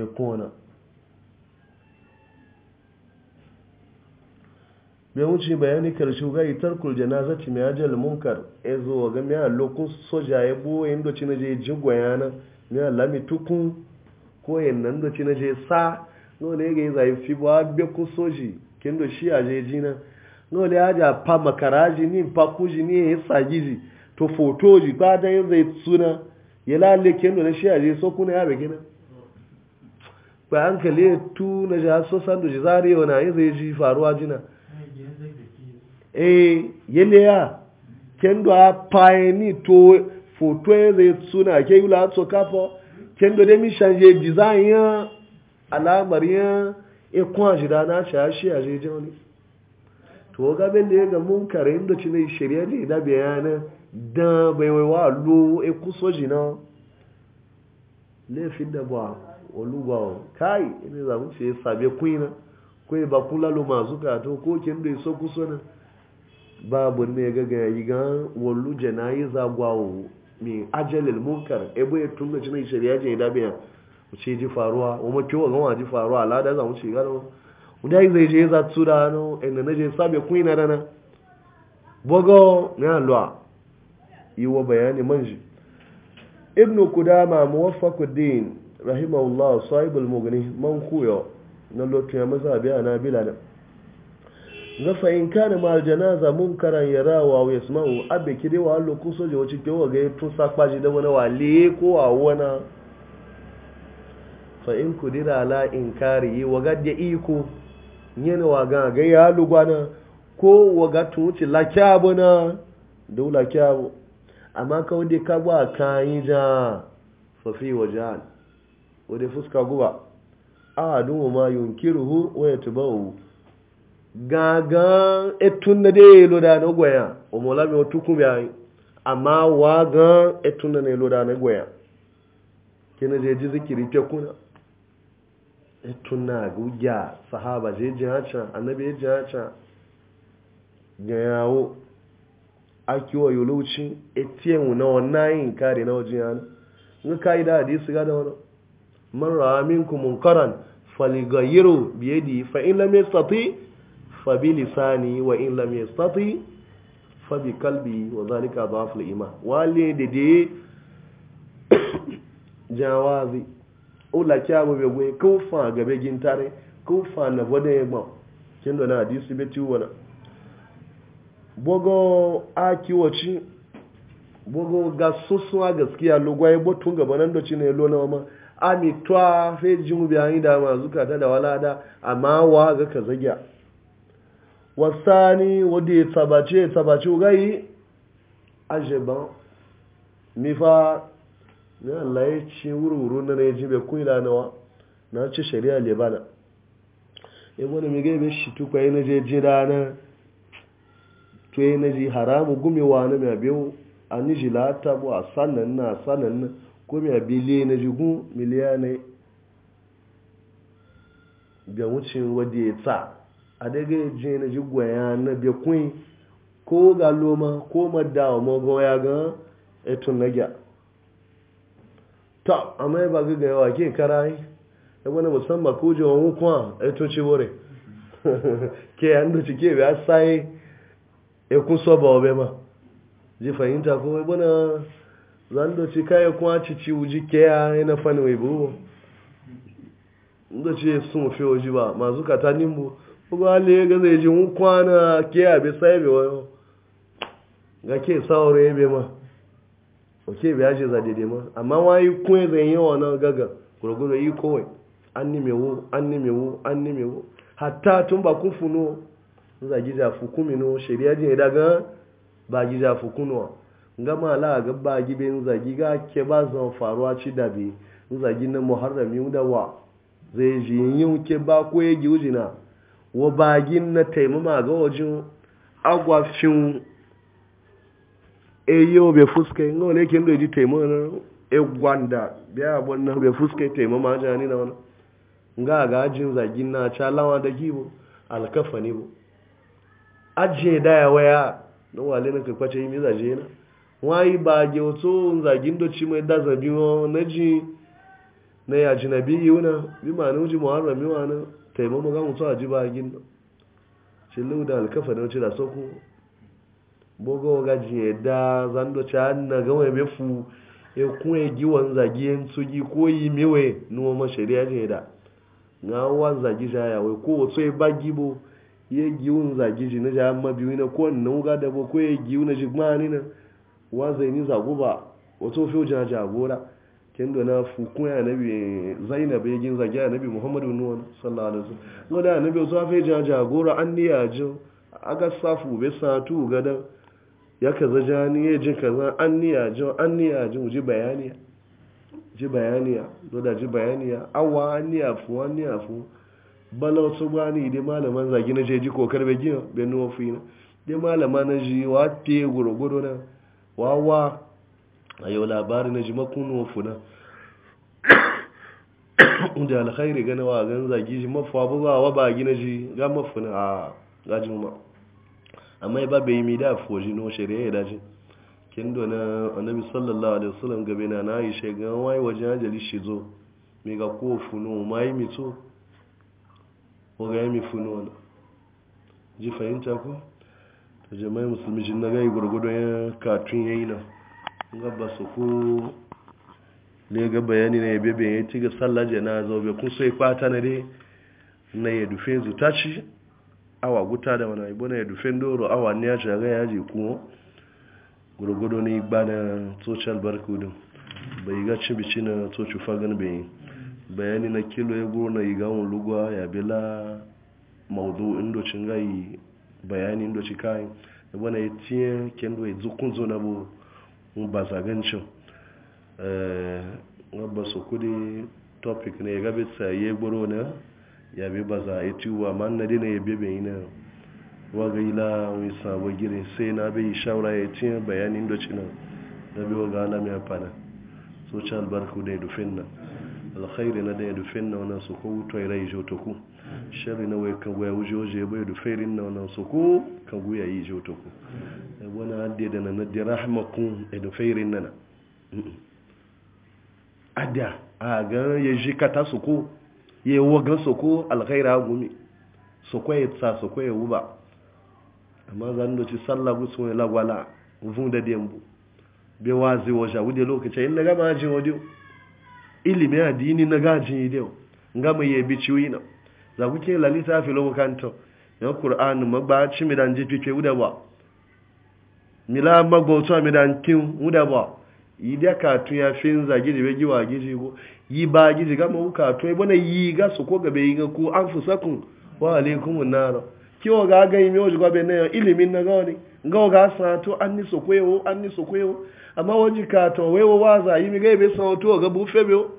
ekona bai wuce bayani karshe ga tarkul janazati mai ajal munkar ya zo ga mai lokun soja ya bo yin doci na je jigwa yana mai lami tukun ko yin nan doci na je sa nole ga yi zai fi ba bi ku soji kin do shi a je jina nole ya ja pa makaraji ni pa kuji ni ya sa gizi to fotoji ba da yin zai suna ya lalle kin do na shi a je so kuna ya bi gina ba hankali ya tuna na ja so sandu ji zare yi zai ji faruwa jina eh yele ya kendo a payani to foto ya zai suna ke yi latso kafa kendo dai mi shanje design ya alamar ya ikon da na shashi a jeje wani to gabin da ya ga munkar inda ci ne shirya ne da bayanan da bai lo ikusoji na laifin da ba olugwa kai ne za mu ce sabe kuina ko ba kula lo mazu ka ko kin da so kusa na babu ne ga ya yi ga wallu janayi za gwawo mi ajalil munkar e bo e ya da jinai shari'a je da biya mu ce ji faruwa wa ma kiwo ga ma ji faruwa la za mu ce ga no mu dai zai je za tsura hannu en na je sabe kuina dana bogo na lwa yi wa bayani manji ibnu kudama muwaffaquddin rahimahullah sahibul mugni man kuyo na lotu ya maza biya na bila nan zafa in kana mal janaza munkaran yara wa yasma'u abe kide wa allo ku soje wace ke wa ga to sakpaji da wani wale ko wa wana fa in dira la inkari wa gadde iko yana wa ga ga ya gwana ko wa ga tuci lakyabo na dole kyabo amma ka dai ka ba yi ja fa fi wajahan wadda fuska guba ahadun ma yunkiruhu wa yatba'u gaga etun na dai loda na gwaya o mola mi otuku bi amma wa gan etun na loda na gwaya kina je ji zikiri ke kuna etun na guja sahaba je ji hacha annabi je ji hacha gayawo akiwa yuluchi etien na wannan kare na wajiyan ga kaida hadisi ga da wannan man ra'a minkum munkaran falyughayyirhu bi yadihi fa in lam yastati fa bi lisani wa in lam yastati fa bi kalbi wa dhalika dhaf al iman wale de de *coughs* jawazi ula kyabu be gwe ko fa gabe gintare ko fa na bode ma kin do na hadisi be ti wona bogo a kiwoci bogo ga sosuwa gaskiya lugwaye botun banan da ci ne lona ma amitwa fe jimu bi ayi da ma zuka ta da wala da amma wa ga ka zagiya wasani wadi tabace tabace gai ajeban mi fa ne Allah ya ci wurwuru na ne jibe kuila nawa na ci shari'a lebana e wani mi gaibe shi tukwa yana je jira na to yana ji haramu gumewa na mai biyu an ji lata bu a sanan na sanan na ko mi abili na jigun miliyanai ga wucin wadda ya tsa a daga je na jigwa ya na bekwin ko ga loma ko madawa mago ya ga etu na gya ta amma e ya baga ga yawa ke kara yi ya wani musamman ko jiwa hukwa eto ci wore ke yan ci cike bi saye ya e kun soba obe ma ji fahimta ko ya e wani zando ce kayan kuma cici wuji ke ya na fani mai buwa inda ce sun mafi waje ba masu kata nimbo kuma hali ya gaza ya ji hun kwana ke ya bai sai bai wayo ga ke sawar ya bai ma oke bai aje za daidai ma amma wani kun zai yi wa na gaga gurguru yi kowai an ni mewu an ni mewu an ni mewu hatta tun ba kun funo za gida fukumino shari'a jin daga ba gida fukunuwa gama la bagi ba gibe zagi ga ke ba zan faruwa ci da bi zagi na muharrami da wa zai ji yin ke ba ko ya gi wujina wa bagi na taimama ga wajen agwafin e o be fuska ngo le ken do ji taimama na e gwanda biya bonna be fuska taimama jani na wannan nga ga ajin zagin na calawa lawa da gibo alkafani bu ajiye daya waya na wale na kakwace yi na wayi ba ge wato zagin doci mai da zabi na ji na ya ji na bi yi wuna bi ma na uji wuce muharrami wa na taimon maga mutu a ji ba gin da shi lau da alkafa na wuce da soko bogo ga ji ya da zan doci an na gama ya befu ya kuma ya giwan zagi yan tsugi ko yi mewe nuwa ma ya ji ya da na wan ji ja ya wai ko wato ya ba gibo ya giwun zagi ji na ja ma biyu na ko na wuga da bo ko ya na ji ma ni na wa zaini zaguba wato fi wajen jagora kin da na fukun ya nabi zainab ya gin zagi ya nabi muhammadu nuwan sallallahu alaihi wasallam no da nabi zo fi wajen jagora an ni ya jo aga safu be satu gada ya kaza jani ya ji kaza an ni ya jo an ji ya ji bayani ji bayaniya do da ji bayani awa an ni afu an ni afu bala to bani de malaman zagi na je ji kokar be gina be nuwa fi na de malama na ji wa te gurogoro na wawa a yau labari na jimakun wafuna *coughs* da alkhairi gana wa gan zagi shi mafa wa ba gina shi ga mafuna a gajin ma amma ba bai mi da foji no shari'a ya dace kin dona annabi sallallahu alaihi wasallam gabe na na yi shi ga wai wajen ajali shi zo mi ga ko funo mai mi to ko ga mi funo ji fahimta ko ta jami'ai musulmi jin na gai gwargwadon ya katun ya yi na gaba su ko ne ga bayani na ya bebe ya ci ga sallaje na zaube kun sai kwata na dai na ya dufe zuta ci awa guta da wani abu na ya dufe doro awa ne ya ci ga yaji kuma gwargwado ne ba na social barcoding bai ga cin bici na tsoci fagen bayan bayani na kilo ya gona yi gawon lugwa ya bela maudu indocin gayi bayanin da shi kayan da bana ya tiye kendo ya zukun zo na bu ba zagancin eh, ba su kudi topic ne ya gabe tsaye gboro na ya bi baza za a yi tiwa ma na ya bebe ina na waga yi la wani sabon girin sai na bai shawara ya tiye bayanin da shi na da bi waga ala mai fana social barku da ya dufin nan alkhairi na da ya dufin nan wani su ko ya rai jotoku shari na wai ka goya wuje wuje bai da fairin na wannan su ko ka goya yi ji wuta ku da wani adde da na da rahmakun da fairin na na adda a ga ya ji kata su ko ya waga su ko alkhaira gumi su ko ya tsa su ko ya wuba amma zan da ci sallah su wani lagwala vun da dembu be wazi waja wude lokaci in na gama ajin wadiyo ilimin adini na gajin idiyo gama yabi ciwi na za lalisa ke fi lo kanto yo qur'an magba chi mi dan ke uda ba mila magbo to mi dan kin uda ba yi ka tu ya fin za gidi be giwa gidi ko yi ba gidi ga mu ka to e bana yi ga su ko ga be yi ga ku an sakun wa alaikumun nar kiwo ga ga yi mi oji be na ilimin na gani ga ga sa to an ni so kwewo an ni so kwewo amma waji ka to wewo waza yi mi ga be sa to ga bu febeo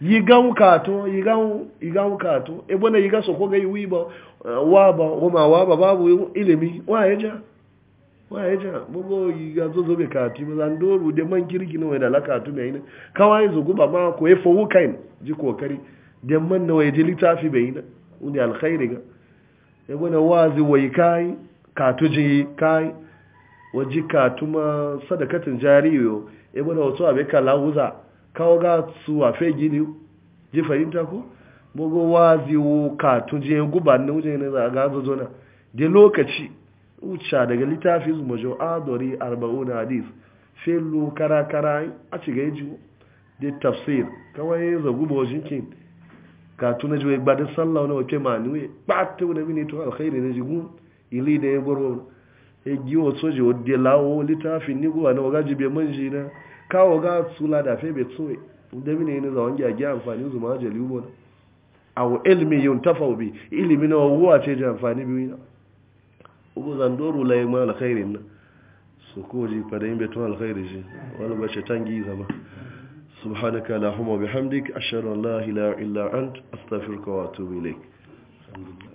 yi gan kato yi gan kato Ebona na yi uh, gan so koga yi wi ba wa ba roma wa ba babu ilimi wa ya ja wa ya ja gbogbo yi ga zo zo be kati ma zan doru de man kirki na da lakatu mai ina kawai zo guba ma ko e fo wukain ji kokari de man na waje litafi ina ne al khairi ga ebe na wazi wai kai kato ji kai waji tuma sadakatin jariyo Ebona na wato abe kala kawo su a fe gini ji fahimta ko bugu wazi wuka tun guba na wuce ne za a ga zo na da lokaci uca daga littafi su majo adori arba'un hadis fe lo kara kara a ci ga ji da tafsir kawai za guba wajen kin ka tuna ji ba da sallah wani wake ma niwe ba ta wani mini to alkhairi na jigun ili da ya gwaro ya e soji wadda lawo littafin ni guba na wagaji bai manji na kawo ga sula da fe bai tsoye da mini yin zawon gyage amfani zuma jeli ubo na awo ilmi yun tafa obi ilimi na wawuwa ce ji amfani biyu na ugo zandoro layi ma alkhairin na su ko ji fadayin beton alkhairi shi wani bace tangi zama subhanaka la huma bihamdik ashhadu an la ilaha illa ant astaghfiruka wa atubu ilayk